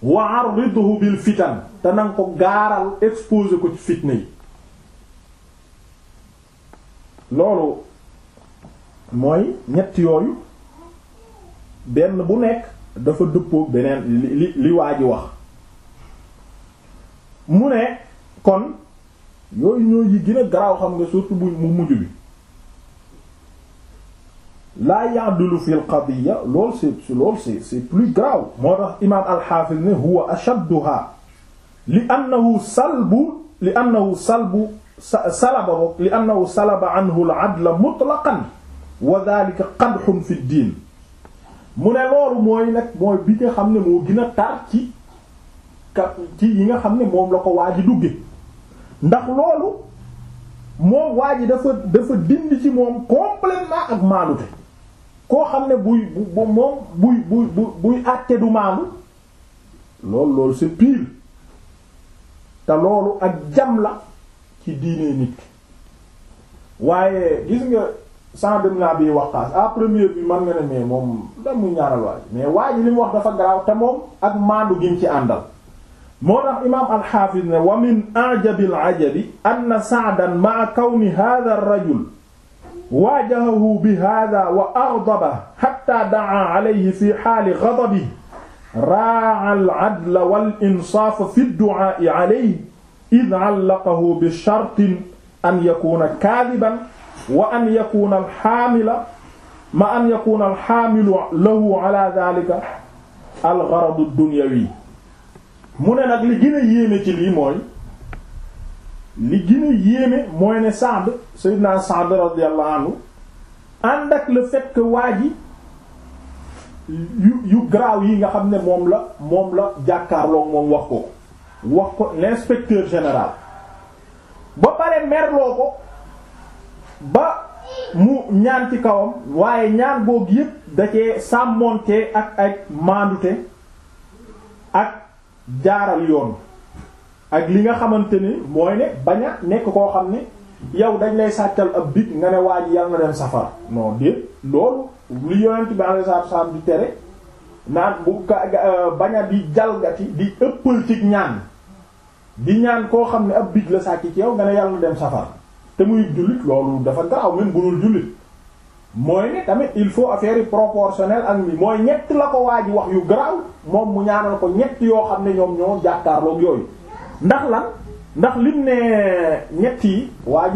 wa arridhu bil fitan te na nga ko gaaral exposer ko ci fitna yi loolu mooy ñett yooyu benn bu nekk dafa dëppoo beneen li li waa ji wax mu ne kon yooyu ñoo yi gën garaaw xam nga surtout bu mu mujj bi laa ya'dulu fil qadiyya lool c'est lool c'est c'est plus grave moo tax imaam al-Hafiz ne huwa ashadduha li annahu salbu li al-'adla mu ne loolu mooy nag bi nga xam ne moo gën a yi nga xam ne moom ko waa ji dugge ndax loolu moom waa ji dafa dindi ci moom complètement ak maalute koo xam ne buy bu bu moom buy buy buy àtte du maandu loolu loolu c'est pire te loolu ak jam la ci diine nit waaye gis nga sans dem naa bi waxaas à première bi man nga ne mais moom da muy ñaaral waaj mais waa li mu wax dafa garaaw te moom ak maandu giñ ci àndal moo tax imaam alxaafis ne wa min ajabil ajabi anna sa'dan ma'a kawni hadha ar-rajul waajahahu bi haadaa wa aghdaba hattaa da'aa alayhi fi haali ghadabi raa'a al-'adla wal-insaafa fi ad-du'aa'i alayhi id 'allaqahu bi shartin an yakuuna kaadiban wa an yakuuna al-haamila ma an yakuuna al-haamilu lahu 'alaa dhaalika al-gharadu ad-dunyawi mu ne nag li gën a yéeme ci lii mooy. li gën a yéeme mooy ne Sa'd Seydina Sa'd radiyallahu anhu ànd ak le fait que waa yu yu yi nga xam ne moom la moom la jàkkaarloo moom wax ko wax ko l'inspecteur général ba pare merloo ko ba mu ñaan ci kawam waaye ñaan boog yépp da cee sàmmoonte ak ak maandute ak jaaral yoon ak li nga xamante ni mooy ne bañ nekk koo xam ne yow dañ lay sàccal ab big nga ne waa ji yàlla na dem safara non déet loolu li yonent bi alayhi salaatu salaam di tere naan bu euh, bañ a di jalgati di ëppal ci ñaan di ñaan koo xam ne ab big la sàcc ci yow nga ne yàlla na dem safara te muy jullit loolu dafa gaaw même bu dul jullit mooy ne tamit il faut affaire yi proportionnelle ak mi mooy ñett la ko waa ji wax yu garaaw moom mu ñaanal ko ñett yoo xam ne ñoom ñoo jàkkaarloog yooyu ndax lan ndax lim ne ñett yi waa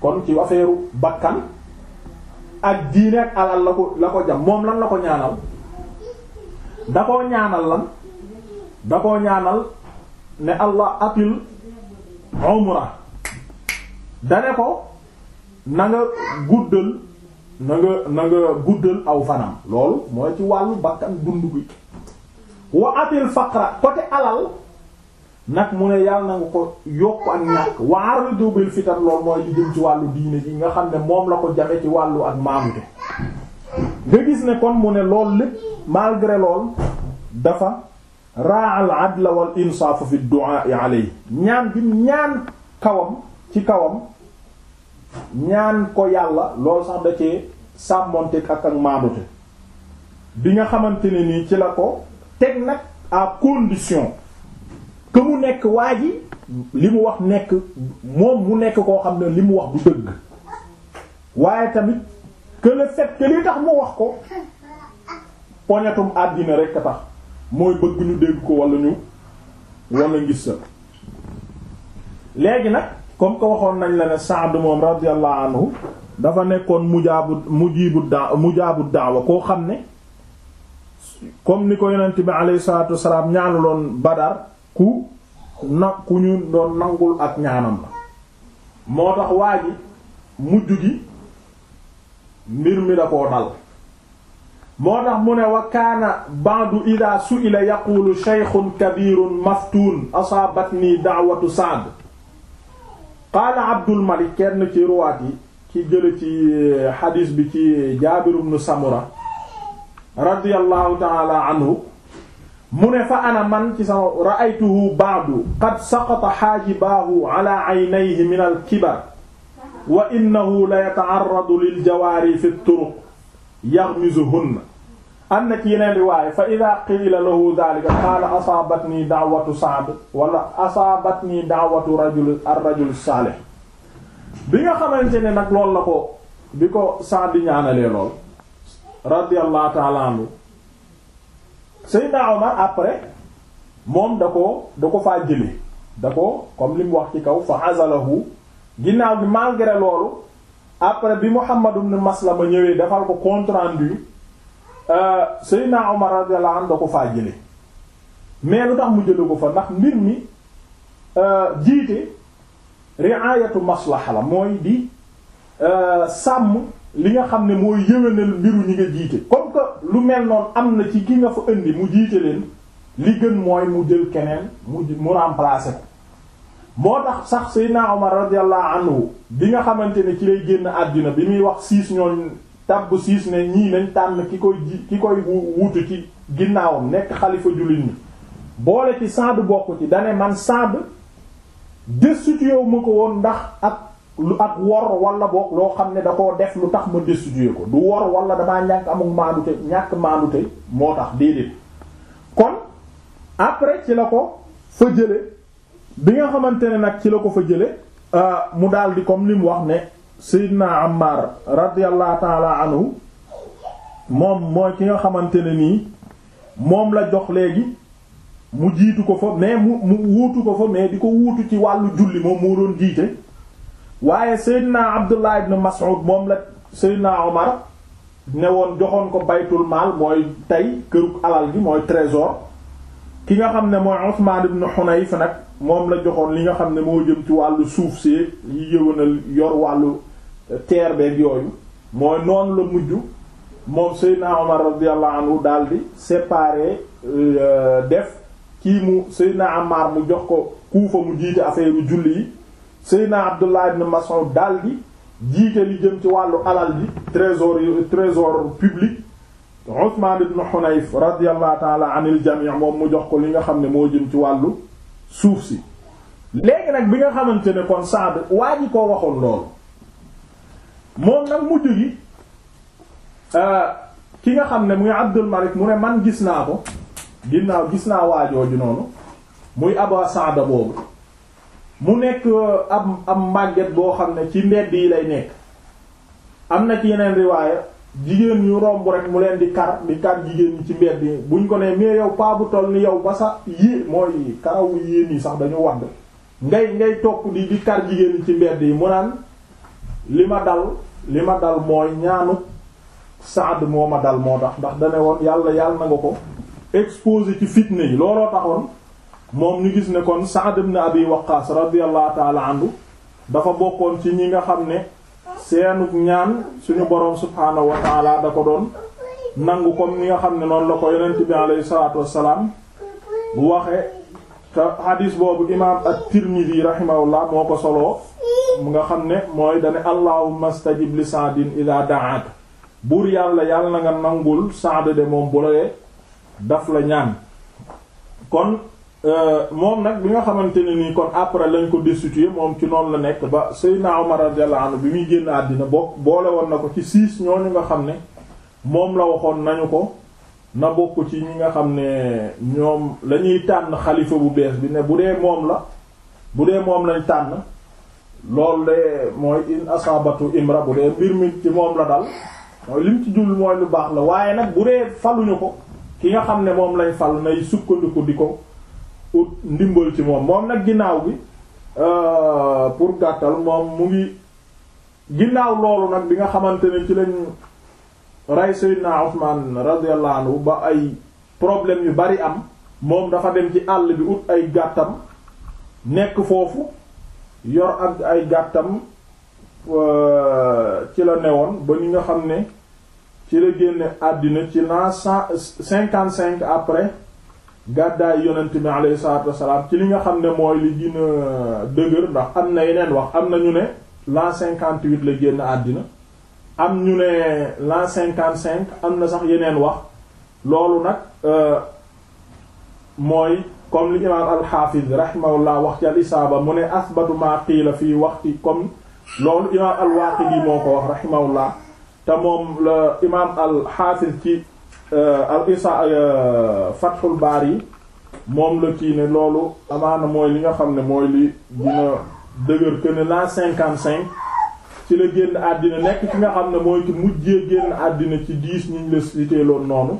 kon ci affaire bakkan ak diine ak alal la ko la ko jam moom lan la ko ñaanal da koo ñaanal lan da koo ñaanal ne allah atil umra dane ko na nga guddal na nga na nga guddal aw fanam loolu mooy ci wàllu bakkan dund gi wa atil faqra côté alal nag mu ne yàlla na nga ko yokk ak ñàkk waar du bil fitan lool mooy li ci wàllu diine yi nga xam ne moom la ko jame ci wàllu ak maamute nga gis ne kon mu ne lool lépp malgré lool dafa raa al adla wal insaaf fi du'a ñaan bi ñaan kawam ci kawam ñaan ko yàlla lool sax da cee sàmmonteeg ak ak maamute bi nga xamante ne nii ci la ko teg nag à condition que mu nekk waa ji li mu wax nekk moom mu nekk koo xam ne li mu wax du dëgg waaye tamit kë le fait que li tax mu wax ko poñetum àddina rek a tax mooy bëgg ñu dégg ko wala ñu wala ngis sa léegi nag comme que waxoon nañ la ne Saad moom radiyallahu anhu dafa nekkoon mujaabu mujibu da mujaabu daawa koo xam ne comme ni ko yonent bi alayhi salaam wasalaam ñaanuloon Badar ku na ku ñu doon nangul ak ñaanam la moo tax waa ji mujj gi mbir mi da koo dal moo tax mu ne wa kaana ba'du ida su'ila yaqulu shaykhun kabirun maftun asaabatni da'watu Sa'd qaala Abdul Malik kenn ci ruwaat yi ci jële ci eh, xadiis bi ci Jaabir ibn Samura radiyallahu ta'ala anhu mu ne fa ana man ci sama ra'aytuhu ba'du qad saqata haajibahu ala aynayhi min al-kibar wa innahu la yata'arradu lil jawaari fi turuq yaghmizuhunna am na ci yeneen riwaaya fa idha qila lahu dhalika qaala asaabatni da'watu Sa'd wala asaabatni da'watu rajul ar-rajul saalih bi nga xamante ne nag loolu la ko bi ko Sa'd ñaanalee lool radiyallahu ta'ala anhu na Omar après moom da ko da ko faa jële da ko comme li mu wax ci kaw fa azalahu ginnaaw bi malgré loolu après bi Muhammad ibn Maslama ñëwee defal ko compte rendu euh, Seydina Omar radiyallahu anhu da ko faa jële mais lu tax mu jële ko fa ndax mbir mi euh, jiite riayatu maslaha la mooy di euh, sàmm li nga xam ne mooy yëwénal mbiru ñi nga jiite comme que lu mel noonu am na ci ki nga fa indi mu jiite leen li gën mooy mu jël keneen mu mu remplacer ko moo tax sax Seydina Omar radiyallahu anhu bi nga xamante ne ci lay génn àddina bi muy wax siis ñooñ tabb siis ne ñii nañ tànn ki koy ji ki koy wuutu ci ginnaawam nekk xalifa jullit ñi boole ci Saad bokk ci dane man Saad destitué wu ma ko woon ndax ak lu ak wor wala boog loo xam ne da koo def lu tax ma destitué ko du wor wala damaa ñàkk amul maanute ñàkk maanute moo tax déedéet kon après ci la ko fa jële bi nga xamante ne nag ci la ko fa jële euh, mu daal di comme ni wax ne Seydina Ammar radiyallahu taala anhu moom mooy ki nga xamante ne nii moom la jox léegi mu jiitu ko fa mais mu mu wuutu ko fa mais di ko wuutu ci wàllu julli moom moo doon jiite waaye naa Abdullah ibn Mas'ud moom la naa Omar ne woon joxoon ko baytul maal mooy tey këru alal gi mooy trésor ki nga xam ne mooy Usman ibn Hunayf nag moom la joxoon li nga xam ne moo jëm ci wàllu suuf si yi yëwanal yor wàllu terre beeg yooyu mooy noonu la mujj moom Seydina Omar radiyallahu anhu daal di séparer euh, def kii mu Seydina Ammar mu jox ko Kufa mu jiite affaire julli yi Seydina Abdullah ibn Mas'ud daldi jiite li jëm ci wàllu alal bi trésor trésor public Usman ibn Hunayf radiyallahu ta'ala anil jami' moom mu jox ko li nga xam ne moo jëm ci wàllu suuf si léegi nag bi nga xamante ne kon Saad waa ji koo waxoon loolu moom nag mujj gi euh, ki nga xam ne muy Abdul Malik mu ne man gis naa ko ginnaaw gis naa waajooju noonu muy Aba Saada boobu mu nekk euh, ab ab màgget boo xam ne ci mbedd yi lay nekk am na ci yeneen riwaaya jigéen ñu romb rek mu leen di kar di kar jigéen ñi ci mbedd yi buñ ko ne mais yow paa bu toll ni yow ba sa yé mooy karawu yéen yi sax dañu wadd ngay ngay topp di di kar jigéen ñi ci mbedd yi mu naan li ma dal li ma dal mooy ñaanu Saad moo ma dal moo tax ndax dane woon yàlla yàlla na nga ko exposé ci fitne yi looloo taxoon moom ñu gis ne kon Sa'd bi Abi Waqqas radiyallahu ta'ala anhu dafa bokkoon ci ñi nga xam ne seenu ñaan suñu boroom subhaanahu wa ta'ala da ko doon nangu comme ni nga xam ne noonu la ko yonent bi alayhi salaatu wassalaam bu waxee te hadis boobu imaam at-Tirmidhi rahimahullah moo ko solo mu nga xam ne mooy dane allahumma stajib li Sa'din idha da'at buur yàlla yàlla na nga nangul Sa'd de moom bu la daf la ñaan kon Euh, moom nag bi nga xamante ne nii kon après lañ ko destitué moom ci noonu la nekk ba Seydina Omar radiyallahu anhu bi muy génn àddina bokk boole woon na ko ci six ñooñu nga xam ne moom la waxoon nañu ko na bokku ci ñi nga xam ne ñoom la ñuy tànn xalifa bu bees bi ne bu dee moom la bu dee moom lañ tànn loolu de mooy in asabatu imra bu dee mbir mi ci moom la dal mooy lim ci jublu mooy lu baax la waaye nag bu dee faluñu ko ki nga xam ne moom lañ fal nay sukkandiku di ko ut ndimbal ci moom moom nag ginnaaw bi euh, pour gàttal moom mu ngi ginnaaw loolu nag bi nga xamante ne ci lañu rey Seydina Usmaan radiyallahu anhu ba ay problème yu bari am moom dafa dem ci àll bi ut ay gàttam nekk foofu yor ak ay gàttam euh, ci la newoon ba ni nga xam ne ci la génne àddina ci l'an cent cinquante-cinq après gàddaay yonent bi alayhi salaatu wasalaam ci li nga xam ne mooy li gën a dëgër ndax am na yeneen wax am na ñu ne l'an cinquante huit la génn àddina am ñu ne l'an cinquante cinq am na sax yeneen wax loolu nag euh, mooy comme li imaam alxaafiz rahimahullah wax ci al mu ne asbatu ma qiila fii wax waxti comme loolu imaam alwaaqidi moo ko wax rahimahullah te moom la imaam alxaafiz ci Euh, al isa euh, baar yi moom la kii ne loolu amaana mooy li nga xam ne mooy li dina dëgër que ne la cinquante cinq ci la génn àddina nekk ki nga xam ne mooy ki mujjee génn àddina ci dix ñu la cité loon noonu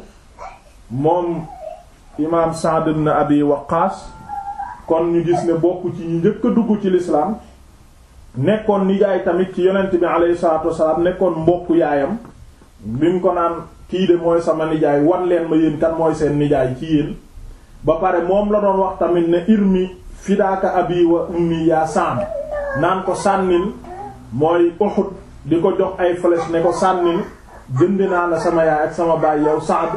moom imaam Sa'd ibn Abi Waqqas kon ñu gis ne bokk ci ñu njëkk a dugg ci lislaam nekkoon nijaay tamit ci yonent bi alayhi salaatu wasalaam nekkoon mbokk yaayam bi mu ko naan kii de mooy sama nijaay wan leen ma yéen kan mooy seen nijaay ci yéen ba pare moom la doon wax tamit ne irmi fidaaka abi wa ummi yaa sànn naan ko sànnin mooy Uhud di ko jox ay flèche ne ko sànnin jënd naa la sama yaay ak sama baay yow Sa'd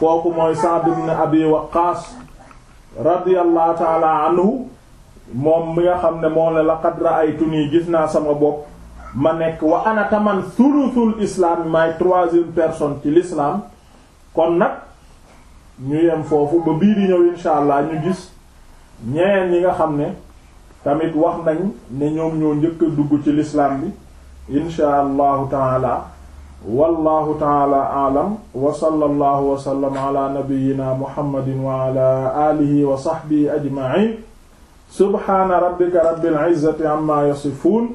kooku mooy Sa'd ibn Abi Waqqaas radiyallahu ta'ala anhu moom mi nga xam ne moo ne laqad ra'aytuni gis naa sama bopp ma nekk wa ana taman thuluthul islam maay troisième personne ci l'islam kon nag ñu yem foofu ba bii di ñëw insha allah ñu gis ñeneen yi nga xam ne tamit wax nañ ne ñoom ñoo njëkk dugg ci l'islam bi insha allahu taala wallahu taala aalam wa sallallahu wa sallam ala nabiyyina muhammadin wa ala wa sahbihi ajma'in subhana rabbika rabbil izzati amma yasifun